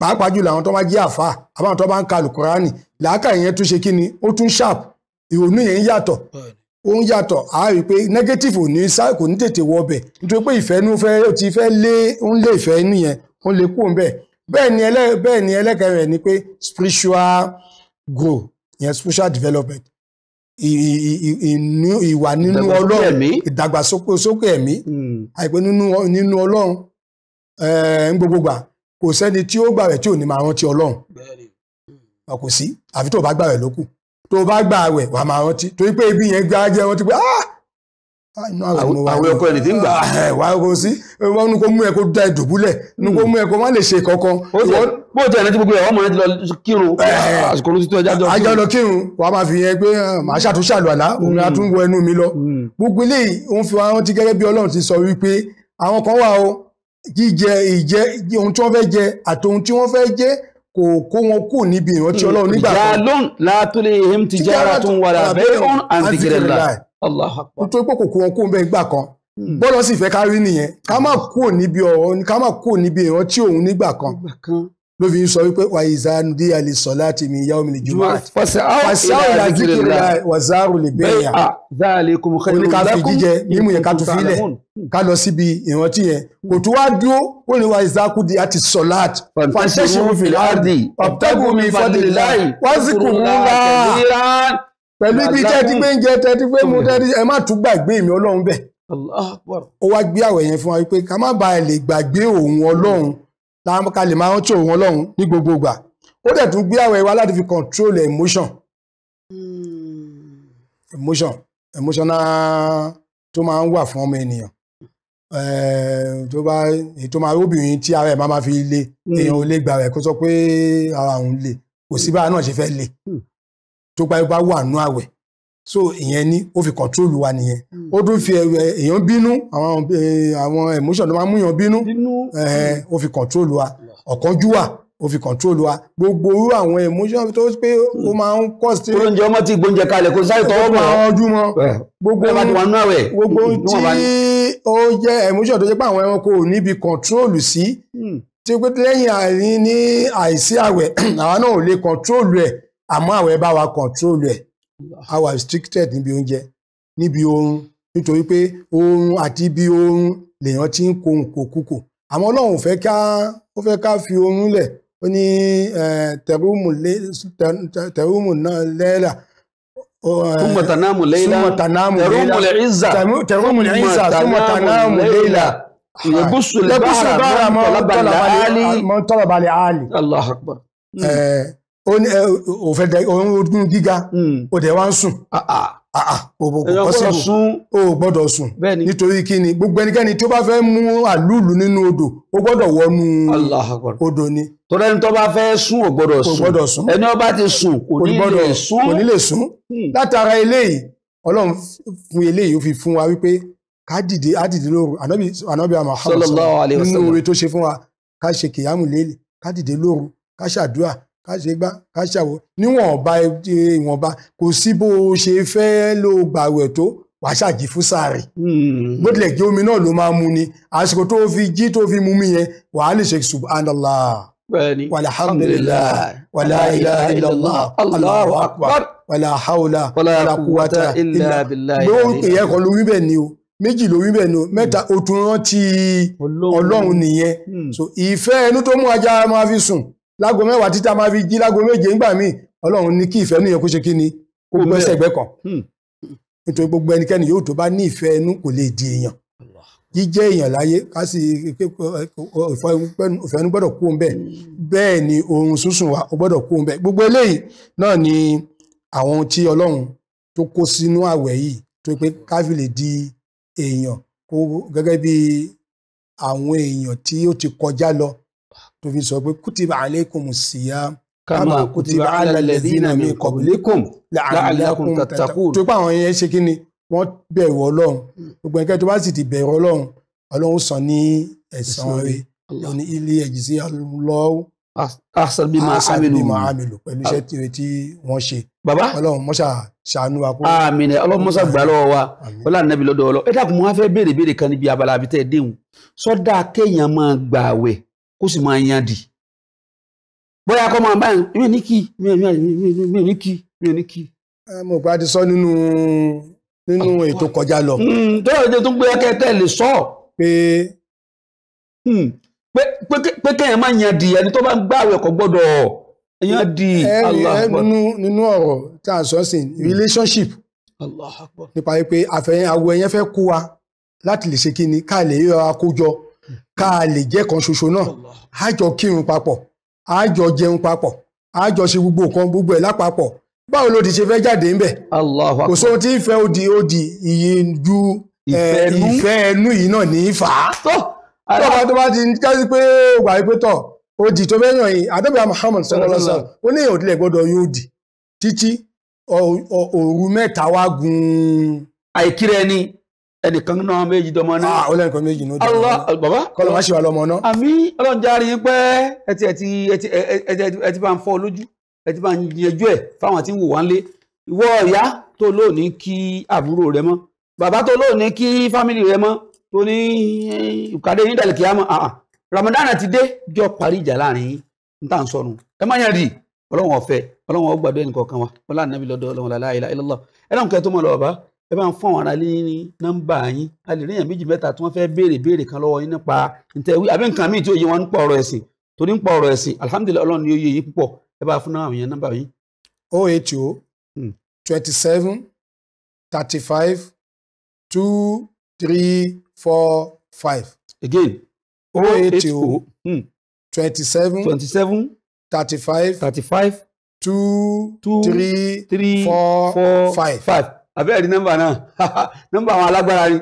pàápàá jùlọ àwọn tó bá jẹ́ àfa àbáwọn tó bá ń ka alukurani làákàyè yẹn tún ṣe kí ni ó tún sharp ìrònú yẹn yàtọ̀ ó ń yàtọ̀ a rí pé negative ò ní kò ní tètè wọ ọbẹ̀ nítorí pé ìfẹ́ inú fẹ́ ó ti fẹ́ lé ó ń lé ìfẹ́ inú yẹn ó lè kú òun bẹ́ẹ̀ bẹ́ẹ̀ ni ẹlẹ́kẹ̀rin rẹ̀ ni pé spiritual growth ìyẹn spiritual development ìwà nínú ọlọ́run ìdàgbàsókè ẹ̀mí hmm. àìpé nínú ọlọ́run ń eh, gbogbogbà kò sẹ́ni tí ó gbàwẹ̀ tí ò ní máa rántí ọlọ́run kò sí àfi tó bá gbàwẹ̀ lókù tó bá gbàwẹ̀ wà máa rántí torí pé ibi yẹn gbá jẹ́ rántí pé ah Ah, àwọn ọkọ ẹni tí ń gbà. Ah, wà á kò sí wọn ní kó mú ẹ kó da ìdùbúlẹ̀ ní kó mú ẹ kó má lè ṣe kankan. bó tẹ̀ ẹ́ lẹ́tí gbogbo ẹ̀ wọ́n mọ̀ ẹ́ ti lọ kírun eh, eh, eh. àsìkò ló ti tó ẹja jọ kírun. ajá lọ kírun wàá máa fi yẹn pé ah, màá ṣàtúnṣe àlùwàlá òun á tún wọ ẹnu mi lọ. Mm. gbogbo eléyìí òun fi wọn ti gẹ́gẹ́ bí Ọlọ́run ti sọ wípé àwọn kan wà o jíjẹ ìjẹ ohun tí wọ́n fẹ́ jẹ àti tí wọ́n fẹ́ jẹ kò kó wọn kú níbi ìrántí hmm. ọlọ́run nígbà kan. ìjà lóhùn látúlẹ̀ ìhìm ti jára tó ń wà lábẹ́ òun àti gẹ̀rẹ́lá. nítorí pé kò kó wọn kú bẹ́ẹ̀ nígbà kan hmm. bọ́lá sì fẹ́ ká rí nìyẹn ká má kú níbi ìrántí òun nígbà kan. ló fi sọ wípé wàyíṣà ndí àlìsọ̀lá ti mi yá omi jùmọ̀ àti wàṣáwò láti kiri la wàzáàrò lè bẹ́ẹ̀ yà òní ká fi jíjẹ mímú yẹn ká tó fi lẹ̀ ká lọ síbi ìrántí yẹn kò tó wá dúró ó ní wàyíṣà kú di àti sọ̀lá fàṣẹ́sì mú fi láàdì ọ̀pẹ́bù mi fọdìlì láì wọ́n sì kù mú la pẹ̀lú ibi tẹ́tí pé ń jẹ tẹ́tí pé mú tẹ́tí ẹ má tún gbàgbé mi ọlọ́run bẹ́ẹ̀ ó wá gbé àwẹ̀ yẹn fún wa wípé ká má bàa lè gbàgbé òun ọlọ́run láwọn kalẹ̀ máa ń tó wọn lọ́hùn ní gbogbo ìgbà ó dẹ̀ tún gbé àwẹ̀ wa láti fi control emotion hmm. emotion emotional tó máa ń wà fún ọmọ ènìyàn eh, tó bá ètò máa obìnrin tí ara ẹ̀ máa fi le hmm. èèyàn ò lè gbà rẹ̀ kó sọ pé ara òun le kò sí bára náà ṣe fẹ́ le hmm. tó bá wà nú àwẹ̀ so ìyẹn ni ó fi kọ̀ntrólù wa nìyẹn hmm. ó tún fi èèyàn bínú àwọn àwọn emotion tó máa ń mú èèyàn bínú ó fi kọ̀ntrólù wa ọ̀kánjúwà ó fi kọ̀ntrólù wa gbogbo irú àwọn emotion tó pé ó hmm. máa ń kọ́ sí. oúnjẹ ọmọ tí gbóúnjẹ kalẹ̀ kò sáré tọwọ́ mọ́ ọ ojú mọ́ gbogbo gbogbo tí ó jẹ́ emotion tó jẹ́ pé àwọn ẹranko ò níbi kọ̀ntrólù sí hmm. tí pé lẹ́yìn àìní ní àìsí àwẹ̀ àwa náà ò lè kọ̀ntrólù ẹ̀ àmọ́ àwẹ̀ bá wa kọ̀ntrólù ẹ̀. a wà restricted níbi oúnjẹ níbi oorun nítorí pé oorun àti ibi oorun lèèyàn ti ń ko nǹkó kúkò àmọ́ Ọlọ́run fẹ́ ká fi oorun lẹ̀ ó ní tẹrúmù náà lẹ́là. Súnmọ̀ tànámù léyìlá. Súnmọ̀ tànámù léyìlá. Tẹrúmù lẹ́ìzà. mọ́ ó ní òfẹ́ ohun gíga ó hmm. dẹ̀ wá ń sùn ó ah, ah. ah, gbọ́dọ̀ sùn nítorí kí ni gbogbo ẹnikẹ́ni tí ó bá fẹ́ mú àlúùlù nínú odò ó gbọ́dọ̀ wọnú odò ni. torí ẹni tó bá fẹ́ sùn ò gbọ́dọ̀ sùn ẹni ó bá ti sùn kò ní lè sùn hmm. látara eléyìí ọlọ́run fún eléyìí ó fi fún wa wípé ká dìde á dìde lóru ànábì ànábì Muhammad nínú oore tó ṣe fún wa ká ṣe kìyàmù lélẹ̀ ká dìde lóru ká ṣàdúrà ká ṣe gbá ká ṣàwò níwọ̀nba e, ìwọ̀nba kò sí bó o ṣe fẹ́ ló gbàwẹ̀ tó wàá ṣàjì fún sáré hmm. bó tilẹ̀ jẹ́ omi náà ló máa mu ni àsìkò tó fi jí tó fi mu mi yẹn wàá lè ṣe subhanallah walhamdulillah wala ilaha illallah allahu akbar wala hawla wala quwwata illa billah ló ń èyẹ kan ló wí bẹ́ẹ̀ ni o méjì ló wí bẹ́ẹ̀ ni o hmm. mẹ́ta o rántí ọlọ́run nìyẹn hmm. so ìfẹ́ inú tó mú ajá máa fi sùn lágo mẹ́wàá títí a máa fi jí lágo méje ńgbà míì ọlọ́run ní kí ìfẹ́ nìyẹn kó ṣe kí ni kó gbọ́ sẹ́gbẹ́ kan hmm. nítorí gbogbo ẹnikẹ́ni yóò tó bá ní ìfẹ́ inú kò lè di èèyàn jíjẹ́ èèyàn láyé ká sì ìfẹ́nu gbọ́dọ̀ kú ń hmm. bẹ́ẹ̀ ni oorun sísùn wa ó gbọ́dọ̀ kú ń bẹ̀ gbogbo eléyìí náà ni àwọn tí ọlọ́run tó kó sínú àwẹ̀ yìí tó pé ká fi lè di èèyàn gẹ́gẹ́ bí àwọn èèyàn tí ó ti kọjá lọ tó fi sọ pé kútìbà aleikum siyam kama kútìbà ala alladhina min qablikum la'allakum tattaqun. tó pa àwọn yẹn ṣe kí ni wọ́n bẹ̀rù ọlọ́run gbogbo ẹ̀kẹ́ tó bá sì ti bẹ̀rù ọlọ́run ọlọ́run sàn ní ẹ̀san rẹ̀ ní ilé ẹ̀jìsí lọ́wọ́ ahsan bí máa àmìlò bí máa àmìlò pẹ̀lú iṣẹ́ tí tí wọ́n ṣe. bàbá ọlọ́run mọ́ṣà ṣàánú wa kó. àmín ọlọ́run gbà lọ́wọ́ wa ọlá nàbí lọ́dọ̀ ọlọ́ ẹ dákun mo wá fẹ́ béèrè béèrè kan níbi abala àbítẹ́ déhùn sọ́dá kéèyàn máa gbààwẹ̀ kó sì máa yan dì bóyá kọ́ máa báyìí mi ò ní kí mi ò ní kí mi ò ní kí. mo gbá ti sọ nínú nínú ah. ètò kọjá lọ. Hmm, tó yẹ kó tó gbé ẹkẹ tẹ lè sọ. pé hmm, pé kẹ́yìn máa yan dì ẹni tó bá ń gbààwẹ̀ kò gbọ́dọ̀ yan dì. nínú ọ̀rọ̀ tá à sọ sí relationship nípa pé àfẹ̀yìn àwọ̀ ẹ̀yẹn fẹ́ kó wa láti lè ṣe kí ni ká lè yọ akójọ. ká a lè jẹ́ kan ṣoṣo náà àjọ jọ kírun papọ̀ àjọ jẹun papọ̀ àjọ ṣe gbogbo nǹkan gbogbo ẹ̀ lápapọ̀ báwo ló ti ṣe fẹ́ jáde ńbẹ̀ kò sóhun tí ń fẹ́ ó di ju ìfẹ́ ẹnu yìí náà ní fà á tó ti pé wà pé tọ̀ tó yìí Muhammad ó ní ẹnìkan náà méjì dọmọ náà. ah olórí kan méjì ní ojú ọmọ baba kọlọ wá ṣe wà lọmọ náà. àmì ọlọ́run járe yín pé ẹtì ẹtì ẹtì ẹtì ẹtì bá ń fọ́ lójú ẹtì bá ń yanjú ẹ fáwọn tí ń wò wá ń lé ìwọ ìyá tó lóòní kí àbúrò rẹ mọ́ bàbá tó lóòní kí fámìlì rẹ mọ́ tó ní ìkàdé yín dàlẹ kíá mọ Ramadan ti dé jọ parí ìjà láàrin yín n tà ń sọnù ẹ má yẹn rí ọlọ́run ọ̀fẹ́ ọlọ́run ọgbàdo ẹnì kọ̀ọ̀kan wa ọlọ́run nàbí lọ́dọ̀ ọlọ́run làlá ilá ilá ẹlọ́run kẹ́ tó mọ̀ lọ́ọ́ bá ẹ bá ń fún àwọn ará ilé ní nọ́mbà yín a lè ríyàn méjì mẹ́ta tí wọ́n fẹ́ béèrè béèrè kan lọ́wọ́ yín nípa ntẹ̀wé àbí nǹkan míì tí ó yẹ wọn nípa ọ̀rọ̀ ẹ̀sìn torí nípa ọ̀rọ̀ ẹ̀sìn alihamudulilayi ọlọ́run ni ó yẹ yín púpọ̀ ẹ bá fún àwọn èèyàn nọ́mbà yín. o oh eight o oh, hmm, twenty seven thirty five two three four five. again o oh H o hmm, twenty seven twenty seven thirty five thirty five two two three three four four five. five àbẹ́ẹ̀rí nọ́mbà náà nọ́mbà àwọn alágbára ni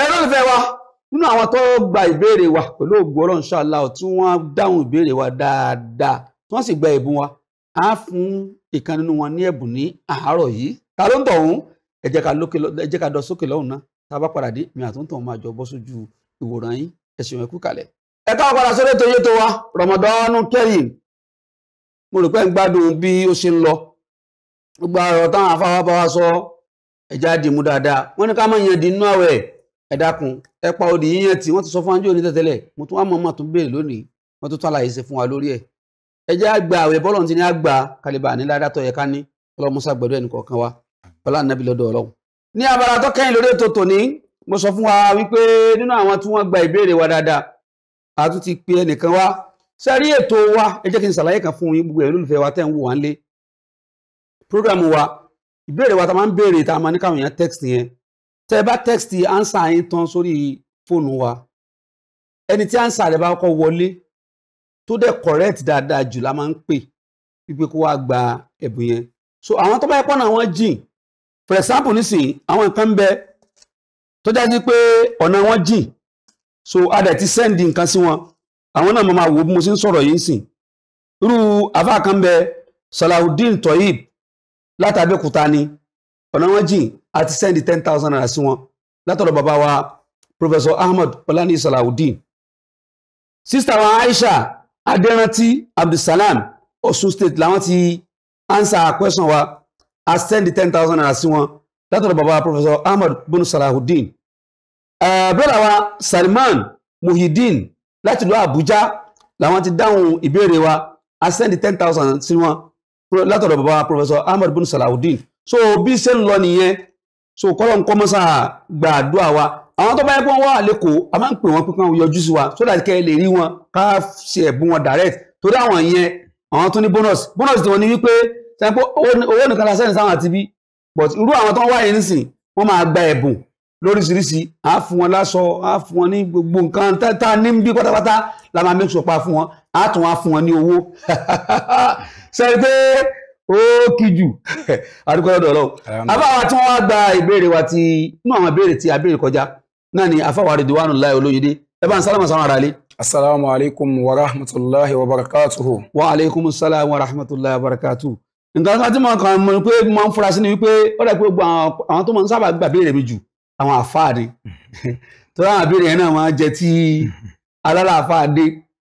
ẹ̀rọ ìfẹ́ wa nínú àwọn tó gba ìbéèrè wa pẹ̀lú ògbó ọlọ́run ṣáàlá tí wọ́n dáhùn ìbéèrè wa dáadáa tí wọ́n sì gba ẹ̀bùn wa á fún ìkan nínú wọn ní ẹ̀bùn ní àárọ̀ yìí ta ló ń ká sókè lọ́hùn náà tá a bá padà dé mi àtúntàn máa jọ bọ́ sójú ìwòran yín kalẹ̀. ẹ padà wa mo ẹja dìmú dáadáa wọ́n ní ká mọ̀ yẹn di inú àwẹ̀ ẹ dákun ẹ pa òdì yíyan tí wọ́n ti sọ fún anjú òní tẹ́tẹ́lẹ̀ mo tún wá mọ̀ mọ̀ tún béèrè lónìí wọ́n tún tọ́lá ìṣe fún wa lórí ẹ̀ ẹja àgbà àwẹ̀ bọ́lọ̀ ti ní àgbà kalẹ̀bà ní ládàtọ̀ yẹ ká ní ọlọ́musa gbẹ̀dọ̀ ẹnì kọ̀ọ̀kan wa ọlá nàbí lọ́dọ̀ ọlọ́run. ní abala tó kẹ́yìn lórí ètò tòní mo sọ fún wa wípé nínú àwọn tí wọ́n gba ìbéèrè wa dáadáa a tún ti pe ẹnìkan wá sẹ́rí ètò wa ẹ wa ìbéèrè wa ta máa ń béèrè ta máa ní káwọn èèyàn text yẹn tẹ bá text ansa yín tán sórí fóònù wa ẹni tí ansa rẹ bá kọ wọlé tó dẹ̀ correct dáadáa jù la máa ń pè wípé kó wá gba ẹ̀bùn yẹn so àwọn tó bá yẹ pọ́nà wọn jìn for example nísìnyí àwọn nǹkan ń bẹ tó jáde pé ọ̀nà wọn jìn so a ti send nǹkan sí wọn àwọn náà máa wò bí mo ṣe ń sọ̀rọ̀ yìí sìn irú àfáà ń bẹ Salahudeen Toyib látàbẹ́kúta ni ọ̀nà wọn jìn àti sẹ́ndì ten thousand naira sí wọn látọ̀dọ̀ bàbá wa Professor Ahmad Olani Salawudeen sísítà wa Aisha Adérántí Abdulsalam Ọ̀ṣun state làwọn ti answer question wa a sẹ́ndì ten thousand naira sí wọn látọ̀dọ̀ bàbá Professor Ahmad Bunu Salawudeen brọ́dà wa Salman Muhyiddin láti lọ Àbújá làwọn ti dáhùn ìbéèrè wa a sẹ́ndì ten thousand sí wọn látọ̀dọ̀ bàbá professor ahmed bin salawudeen so bí ṣe ń lọ nìyẹn so kọ́lọ̀ ń kọ́ mọ́sá gbàdúrà wa àwọn tó bá yẹ kí wà lẹ́kọ̀ọ́ a máa ń pè wọ́n pé kán yọjú sí wa so that kẹ́ ẹ lè rí wọn ká ṣe ẹ̀bùn wọn direct torí àwọn yẹn àwọn tó ní bonus bonus tí wọ́n ní wípé sẹ́ńpọ̀ owó nìkan la sẹ́ni sáwọn àti bí but irú àwọn tó ń wáyé nísìn wọ́n máa gba ẹ̀bùn lóríṣiríṣi à fún wọn láṣọ à fún wọn ní gbogbo nǹkan tá a ní bí pátápátá la máa make pa fún wọn á tún wá fún wọn ní owó sẹ́yìn pé ó kí jù àdúgbò lọ́dọ̀ ọlọ́run afáwa tí wọ́n wá gba ìbéèrè wa ti inú àwọn ìbéèrè tí a béèrè kọjá náà ni afáwa Ridwanullahi Olóyèdé ẹ bá ń sálàmù sáwọn ará ilé. asalaamu alaykum wa rahmatulahi wa barakatuhu. wa aleykum salaam wa rahmatulahi wa barakatuhu. nǹkan kan tí mo kàn mọ̀ pé mo ń fura sí ni wípé ó dà pé àwọn tó mọ̀ ń sábà gbà béèrè mi jù àwọn àfáà tó láwọn àbẹ̀rẹ̀ yẹn náà wọ́n jẹ tí alálàáfáà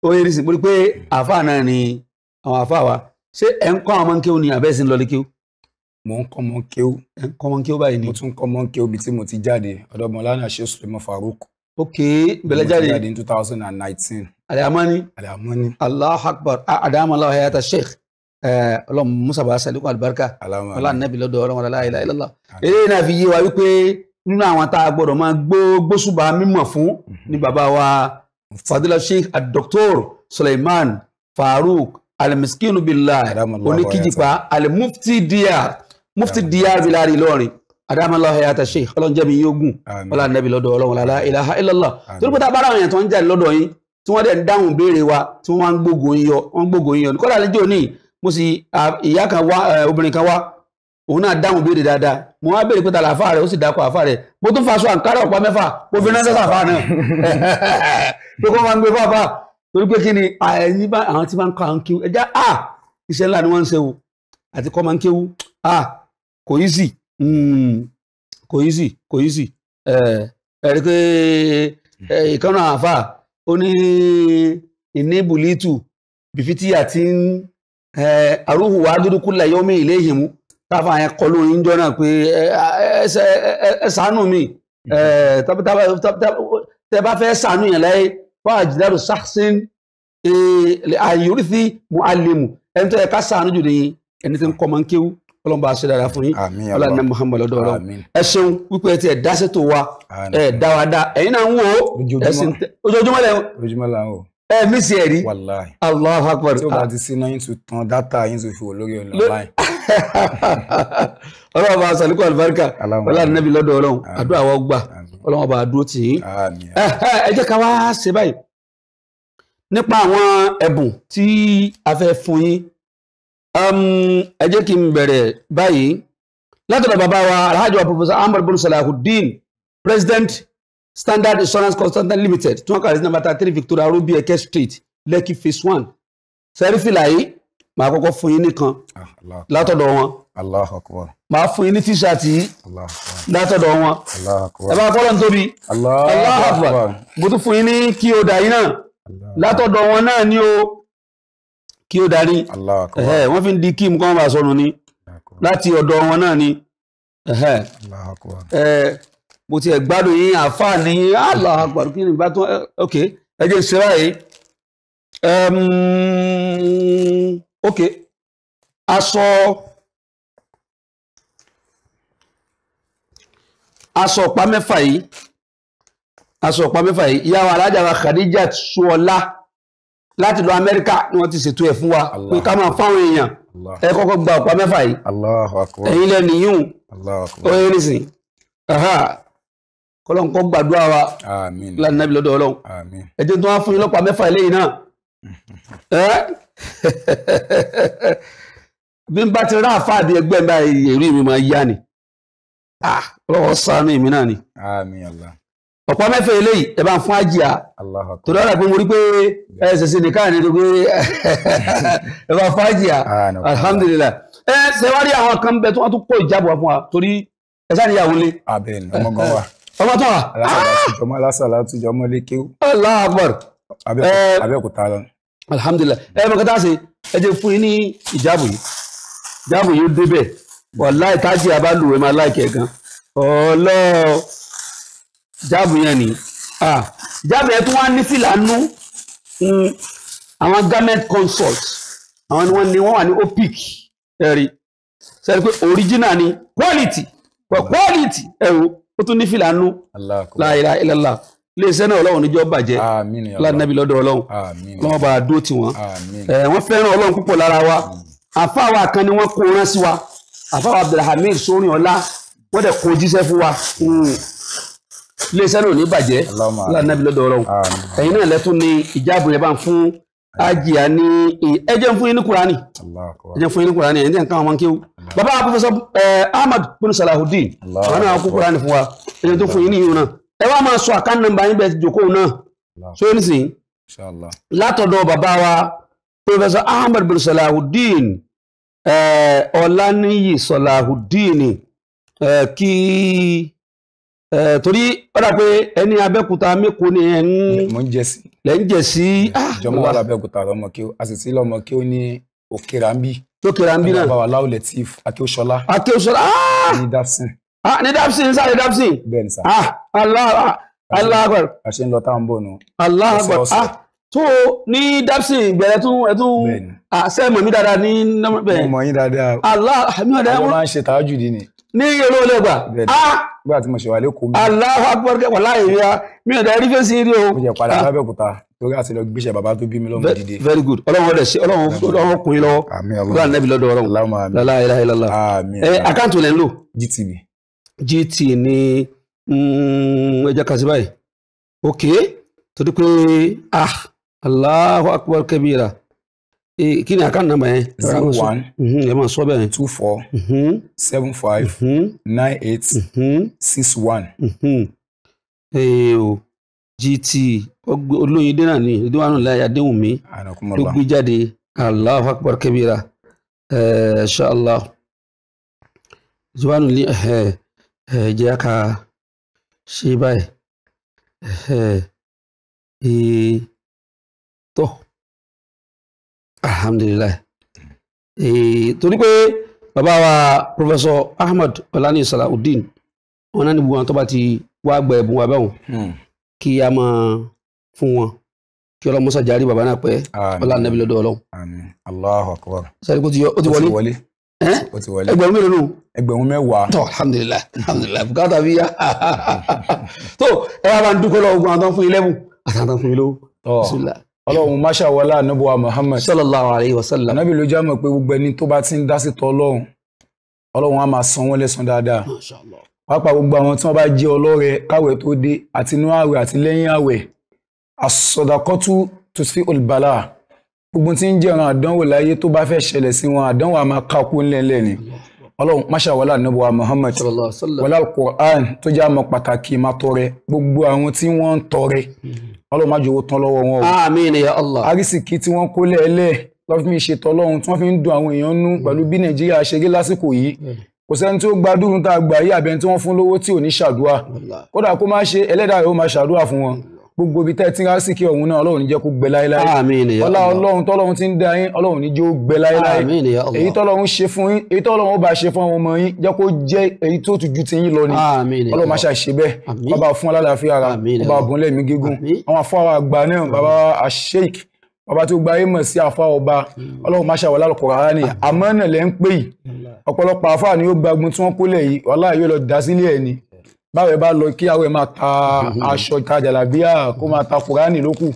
ó yẹ nísìnyí pé àáfàá náà ni àwọn àáfàá wa se ẹ ń kọ́ àwọn ọmọ ni àbẹ́sí ń lọ lé kéwù. mo ń kọ́ ọmọ kéwù. ẹ ń kọ́ ọmọ kéwù báyìí ni. mo tún kọ́ ọmọ kéwù bíi tí mo ti jáde ọ̀dọ̀ Mọ́lánà Sheikh Suleiman Farouk. ok bẹ̀lẹ̀ jáde. mo ti jáde ní two thousand and nineteen. alihamani. alihamani. Allahu Akbar adamallahu hayata sheikh ọlọ́run musa bá sẹ́lẹ̀kọ́ àlùbáríkà ọlọ́run nẹ́bí lọ́dọ̀ ọlọ́run la ilaha illallah eléyìí na fi yé wa wípé nínú àwọn tá a gbọ́dọ̀ máa gbó gbósùbà mímọ̀ fún mhm. ní bàbá wa fadila sheikh adoktor suleiman farouk alimiskin billah oníkìjìpá alimufti dr mufti dr bilari Ìlọrin adamallahu hayata sheikh ọlọ́njẹ́mi yógùn ọlá nàbí lọ́dọ̀ ọlọ́run la ilaha illallah torí pé tá a bára àwọn èèyàn tu ń jáde lọ́dọ̀ yín tí wọ́n dẹ̀ ń dáhùn béèrè wa tí wọ́n ń gbógun yín yọ wọ́n ń gbógun yín yọ kọ́lá àlejò ní mo sì ìyá kan wá obìnrin kan òun náà dáhùn béèrè dáadáa mo wá béèrè pé ta làáfà rẹ ó sì dákọ àáfà rẹ mo tún faṣọ àǹkárá ọ̀pá mẹ́fà mo fi ránṣẹ́ sàfà náà pé kó máa ń gbé fáfà torí pé kí ni àwọn tí máa ń kọ àwọn kéwú ẹja a iṣẹ́ ńlá ni wọ́n ń ṣe o àti kọ́ máa ń kéwú a kò yí sì hmm, kò yí sì kò yí sì ẹ̀rí pé ìkànnà àáfà ó ní ìní bùlítù bìfítì àti arúhùwà dúdú kúlẹ̀ yóò mí ìléyìí táfà yẹn kọ lóyún níjọ náà pé ẹ ṣàánú mi mhm. tẹ bá fẹ́ ṣàánú yẹn láyé fáwọn àjìdáàdù sàṣin e, àyòrísí mu alẹ́mu ẹni tó yẹ ká ṣàánú jù nìyí ẹni tó ń kọ́ máa ń kéwú ọlọ́run bá ṣe dára fún yín ọlọ́run náà muhammed ọdọ ọlọ́run ẹ ṣeun wípé ẹ ti ẹ̀ dáṣẹ́ tó wa ẹ̀ dá wa dá ẹ̀yin náà ń wò ojoojúmọ́ lẹ́yìn ojoojúmọ́ mí sí ẹ̀rí wàláì Allahu tí o bá ti sí náà yín tún tan dátà yín tún fi wò lórí online. ọlọ́run bá sàlùkù àlùbáríkà ọlá nàbí lọ́dọ̀ ọlọ́run àdúrà wọ́n gbà ọlọ́run bá dúró tì í. ẹ jẹ́ ká wá ṣe báyìí nípa àwọn ẹ̀bùn tí a fẹ́ fún yín um, ẹ jẹ́ kí n bẹ̀rẹ̀ báyìí látọ̀dọ̀ bàbá wa alhaji wa professor ahmed bin Salahuddin president standard insurance consultant limited tí wọ́n kàrí sí nàbàtà three victoria rubi eke street lekki phase one sẹ́rífìlà yìí màá kọ́kọ́ fún yín nìkan ah, látọ̀dọ̀ wọn màá fún yín ní tíṣàtì yìí látọ̀dọ̀ wọn ẹ bá kọ́lọ̀ tóbi Allahu Akbar mo tún fún yín ní kí o dà yín náà látọ̀dọ̀ wọn náà ni o kí o darí wọ́n fi ń di kí nǹkan bá sọnù ni láti ọ̀dọ̀ wọn náà ni mo ti ẹ̀ gbádùn yín àfáà ní Allahu Akbar kí ni bá tún ok ẹ jẹ́ ìṣẹ́ báyìí ok aṣọ aṣọ ọ̀pá mẹ́fà yìí aṣọ ọ̀pá mẹ́fà yìí ìyá wa alájà wa Khadija Ṣuọlá láti lọ Amẹ́ríkà ni wọ́n ti ṣètò ẹ̀ fún wa pé ká máa fáwọn èèyàn ẹ kọ́kọ́ gba ọ̀pá mẹ́fà yìí ẹ̀yin lẹ́nu yìí ó yẹ nísìn kọlọ́n kọ́ gbàdúrà wa lánàá bí lọ́dọ̀ ọlọ́run ẹ̀jẹ̀ tó wá fún yín lọ́pàá mẹ́fà eléyìí náà bí n bá ti rán àfáàdì ẹgbẹ́ mi báyìí èrí mi máa yá ni ah, lọ́wọ́ sánú èmi náà ni. ọ̀pọ̀ mẹ́fẹ́ eléyìí ẹ bá ń fún àjìyà tó dára pé mo rí pé ẹsẹ̀ sí nìkan ní gbogbo ẹ bá fún àjìyà ah, alhamdulillah ẹ ṣe àwọn kan bẹ tí wọ́n tún kó ìjábọ̀ fún wa torí ẹ sáré ìyàwó lé. abẹ́ẹ̀ni ọmọ gan wa ọmọ tó wà. alásàlátújọmọ ah! alásàlátújọmọ lékeu. Allahu Akbar. abẹ́òkúta lọ alhamdulilah ẹ mọ̀ kọ́tà ṣe ẹ jẹ́ fún yín ní ìjáàbù yìí ìjáàbù yìí ó débẹ̀ wàláì tájì abálù ẹ máa láìkẹ́ gan ọ̀ọ́lọ́ ìjáàbù yẹn ni ìjáàbù yẹn tún wá ní fìlànú hmm, àwọn garment consult àwọn ni wọ́n ní wọ́n wà ní opic ẹ̀rí sẹ́ni pé original ni quality quality ẹ̀rù ó tún ní fìlànú la ilaha illallah iléeṣẹ́ náà ọlọ́run níjọ́ bàjẹ́ ládùnábí lọ́dọ̀ ọlọ́run lọ́wọ́ bá a dúró tì wọ́n wọ́n fẹ́ràn ọlọ́run púpọ̀ lára wa àfáwà kan ni wọ́n kó rán sí wa àfáwà abdulhamid sórin ọlá wọ́n dẹ̀ kó jíṣẹ́ fún wa hmm. iléeṣẹ́ náà ò ní bàjẹ́ ládùnábí lọ́dọ̀ ọlọ́run ẹ̀yin náà lẹ́tún ni ìjáàbù yẹn bá ń fún ajiya ní ẹjẹ́ fún yín ní kúránì ẹjẹ́ fún yín ní kúránì ẹ̀yìn nǹkan àwọn kéwù bàbá professor eh, ahmad bin salahudeen wọn náà kó kúránì fún wa ẹjẹ́ tó fún yín ní yìí náà ẹ wá máa sọ àkáǹtì nọ́mbà yín bẹ́ẹ̀ ti náà so nísìnyí látọ̀dọ̀ bàbá wa Professor Ahmed bin Salahuddin Ọláníyì Salahuddin kí torí ó dà pé ẹni Abẹ́òkúta mẹ́kọ̀ọ́ ni ẹ̀ ń jẹ sí. ìjọba ah, wà lábẹ́òkúta lọ́mọ kí ó àṣìṣe lọ́mọ kí ó ní òkèrà ń bí. òkèrà ń bí náà. bàbá wa Láwù Latif Akéwòsọlá. Akéwòsọlá. Ah! ní dasin ah ni dapsi ní sáré dapsi. Ben. sá. ah allah ah, allah akbar. a ṣe ń lọ táwọn bò allah akbar ah tu ni dapsi bẹ̀rẹ̀ tún ẹ tún sẹ́ẹ̀mọ̀ ah, mi dáadáa ní bẹ́ẹ̀. mo mọ̀ yín dáadáa. allah mami ò dáa. ẹ máa ń ṣe tààjù dì ní. ní èrò olè gbà. Ah! gbà tí mo ṣe wà lẹ́kọ̀ọ́ mi. allah akbar kẹwàá láàyè ya mi ò dáa rí fèsì rí o. mo jẹ padà lábẹ́òkúta torí àti lọ gbéṣẹ́ bàbá tó bí mi lọ́mọ very good ọlọ́run ọdẹ sí ọlọ́run ọlọ́run kùn yín lọ́wọ́. àmín ọlọ́run ọlọ́run nẹ́bi lọ́dọ̀ ọlọ́run. láìláìláìlá. àmín. ẹ àkáǹtì lẹ́ ń lò. gtb. gt ní mm, ẹjẹ kàṣí báyìí ok torí pé ah Allahu akbar kabira e, kí ni àkáǹtì nàmbà yẹn. zero one mhm, two four mhm. seven five mhm. nine eight six one. ee o gt olóyin dínà ni ìdíwánu láyé adéhùnmí ló gbé jáde Allahu akbar kabira ẹ ní ẹ jẹ́ ká ṣe báyìí um eh tó alhamdulilayi eh torí pé bàbá wa professor ahmed ọlani salahudeen wọn náà ní gbogbo àwọn tó bá ti wá gba ẹ̀bùn wa bẹ́ẹ̀ wọn hmm. kí a máa fún wọn kí ọlọ́mọ sàjárí bàbá náà pẹ́ ọlá nàbí lọ́dọ̀ ọlọ́run. sẹ́ni kò ti wọlé ẹgbẹ̀rún mélòó nù. ẹgbẹ̀rún mẹ́wàá. tọ́ alhamdulilayi alhamdulilayi bukata bi ya tó ẹ bá ń dúpẹ́ lọ́wọ́ gbọ́n àtàn fún ilé mu àtàn fún ilé wo. ọlọ́run masha wàhálà anabu wa muhammad. sallallahu alayhi wa sallam. anabi ló já mọ̀ pé gbogbo ẹni tó bá ti ń dá sí tọ́ ọlọ́run ọlọ́run á máa san wọ́n lẹ́san dáadáa. pápá gbogbo àwọn tí wọ́n bá jẹ́ ọlọ́rẹ káwẹ̀ tó dé àtinú àwẹ̀ àti lẹ́yìn àwẹ̀ àsọdàkọ́tù tó sí olùbàlà gbogbo tí ń jẹ́ ọ̀ràn àdánwò láyé tó bá fẹ́ ṣẹlẹ̀ sí wọn àdánwò àmà kakú ńlẹ̀ńlẹ̀ ni ọlọ́run máṣàwọ́lá níbo wa Muhammad wọlá Al-Qur'an tó jẹ́ àmọ́ pàtàkì má tọrẹ gbogbo àwọn tí wọ́n ń tọrẹ ọlọ́run má jọ̀wọ́ tán lọ́wọ́ wọn o ya Allah arísìkí tí wọ́n kó lẹ́ẹ̀lẹ́ lọ́ fi mi ṣètò ọlọ́run tí wọ́n fi ń dun àwọn èèyàn nú pẹ̀lú bí Nàìjíríà ṣe rí lásìkò yìí kò sẹ́ni tí ó gbadúrún tá a gbà yí àbẹ̀ni tí wọ́n fún lówó tí ò ní ṣàdúrà kódà kó má ṣe ẹlẹ́dàá yóò má ṣàdúrà fún wọn gbogbo ibi tẹ́ ti ń rásì kí ọ̀hún náà ọlọ́run ní jẹ́ kó gbẹ láéláé ọlá ọlọ́run tọ́lọ́run ti ń dá yín ọlọ́run ní jẹ́ ó gbẹ láéláé èyí tọ́lọ́run ṣe fún yín èyí tọ́lọ́run ó bá ṣe fún àwọn ọmọ yín jẹ́ kó jẹ́ èyí tó tù ju ti yín lọ ni ọlọ́run má ṣàṣe bẹ́ẹ̀ bàbá fún alálàáfíà ara bàbá bùn lẹ́mí gígùn àwọn afọ àwọn àgbà náà bàbá àṣeyìk bàbá tó gba ayé mọ̀ sí àfa ọba hmm. ọlọ́run má ṣàwọ̀ lálùkọ̀ọ́rá ni àmọ́ náà lẹ́ ń pè yìí ọ̀pọ̀lọpọ̀ àfa ni ó gbagun tí wọ́n kólẹ̀ yìí ọlá yóò lọ dá sílé ẹ̀ ni báwẹ̀ bá lọ kí àwẹ̀ máa ta aṣọ ìtajà làbíà kó máa ta fúránì lókù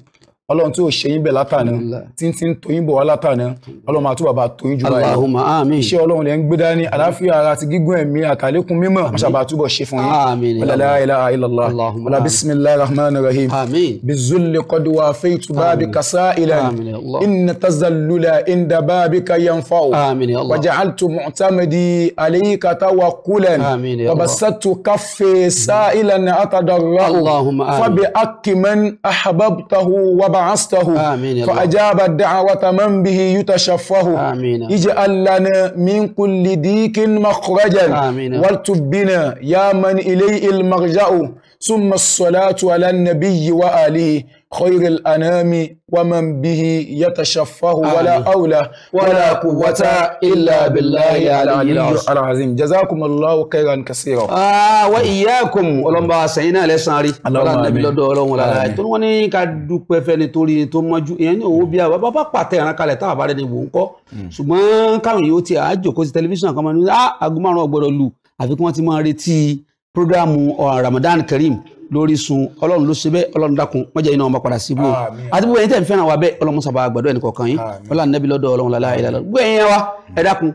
ọlọ́run tí ò ṣe yín bẹ̀ látàná títí ń toyín bọ̀ wá látàná ọlọ́run máa tún bàbá toyín jù báyìí Allahumma àmín iṣẹ́ ọlọ́run lẹ́ ń gbé dání àláfíà ara àti gígùn ẹ̀mí àtàlékún mímọ̀ àṣàbà túbọ̀ ṣe fún yín la ilaha illallah wàlá bisimilahi rahman rahim bizulli kọduwa feitu baabi kasa ilan inna tazalula inda baabi ka yanfa o wàjàcaltu muctamadi aleyka tawakulan wabasatu kafe sa'ilan atadarra fabi akiman ahababtahu waba بعثته فأجاب الدعوة من به يتشفه اجعلنا لنا من كل ديك مخرجا والتبنا يا من إليه المرجع ثم الصلاة على النبي وآله خير الأنام ومن به يتشفه ولا أولى ولا قوة إلا بالله العلي العظيم جزاكم الله خيرا كثيرا آه وإياكم ولما سينا لساري اللهم آمين ولا tó wọ́n ní ká dúpẹ́ fẹ́ni torí tó mọ́jú ìyẹn ní òwò bíi àwọn bá pàtẹ ìran kalẹ̀ táwọn àbárẹ̀ ni wò ń kọ́ hmm. ṣùgbọ́n káwọn yóò ti àjòkó ti tẹlifíṣàn kan máa ní ah, aago márùn-ún ọgbọ́dọ̀ lù àfikún wọn ti máa retí programu uh, Ramadan Karim, lórí sun ọlọ́run ló ṣe bẹ́ẹ̀ ọlọ́run dákun wọ́n jẹ́ iná ọmọ padà sí ibú àti gbogbo ẹ̀yin tẹ̀ ń fẹ́ràn wa bẹ́ẹ̀ ọlọ́run sábà gbàdúrà ẹnì kọ̀ọ̀kan yín ọlọ́run nẹ́bí lọ́dọ̀ ọlọ́run lálá ìlà lọ́dọ̀ gbogbo wa ẹ dákun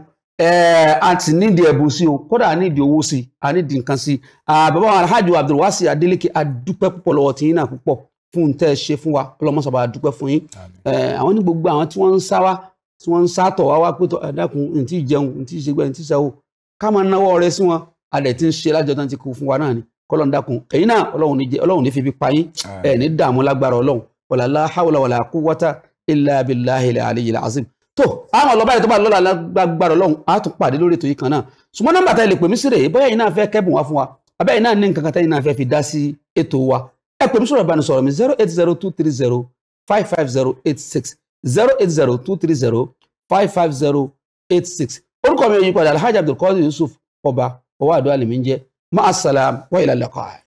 àti nídìí ẹ̀bùn sí o kódà nídìí owó sí a nídìí nǹkan sí bàbá wa alhaji Abdul Wasi Adeleke adúpẹ́ púpọ̀ lọ́wọ́ tí yín náà púpọ̀ fún tẹ́ ẹ ṣe fún wa ọlọ́run sábà adúpẹ́ fún yín àwọn ní gbogbo àwọn tí wọ́n ń sá wa tí wọ́n ń sá tọ̀ wá wá pé ẹ dákun ntí jẹun ntí ṣe a dẹ̀ ti ń ṣe lájọ tán ti kú fún wa náà ni kọ́lọ́n dákun ẹ̀yin náà ọlọ́run ní jẹ́ ọlọ́run ní fi fi pa ẹ̀ ní dààmú lágbára ọlọ́run wàlá la hawla wàlá quwwata illa billahi al-aliyyi al-azim tó àwọn ọlọ́ba yìí tó bá lọ́la lágbára ọlọ́run á tún pàdé lórí ètò yìí kan náà ṣùgbọ́n nọ́mbà tá ẹ lè pè mí sí rèé bóyá yìí náà fẹ́ kẹ́bùn wá fún wa abẹ́ yìí náà ní nǹkan kan tẹ́yìn náà fẹ́ mi zero eight zero two three zero five five zero eight six zero eight zero two three zero five five zero eight six orúkọ mi yìí padà alhaji abdulkadir yusuf ọba ọwọ́ àdúrà lèmi ń jẹ́ máa sàlám wa ila liqa.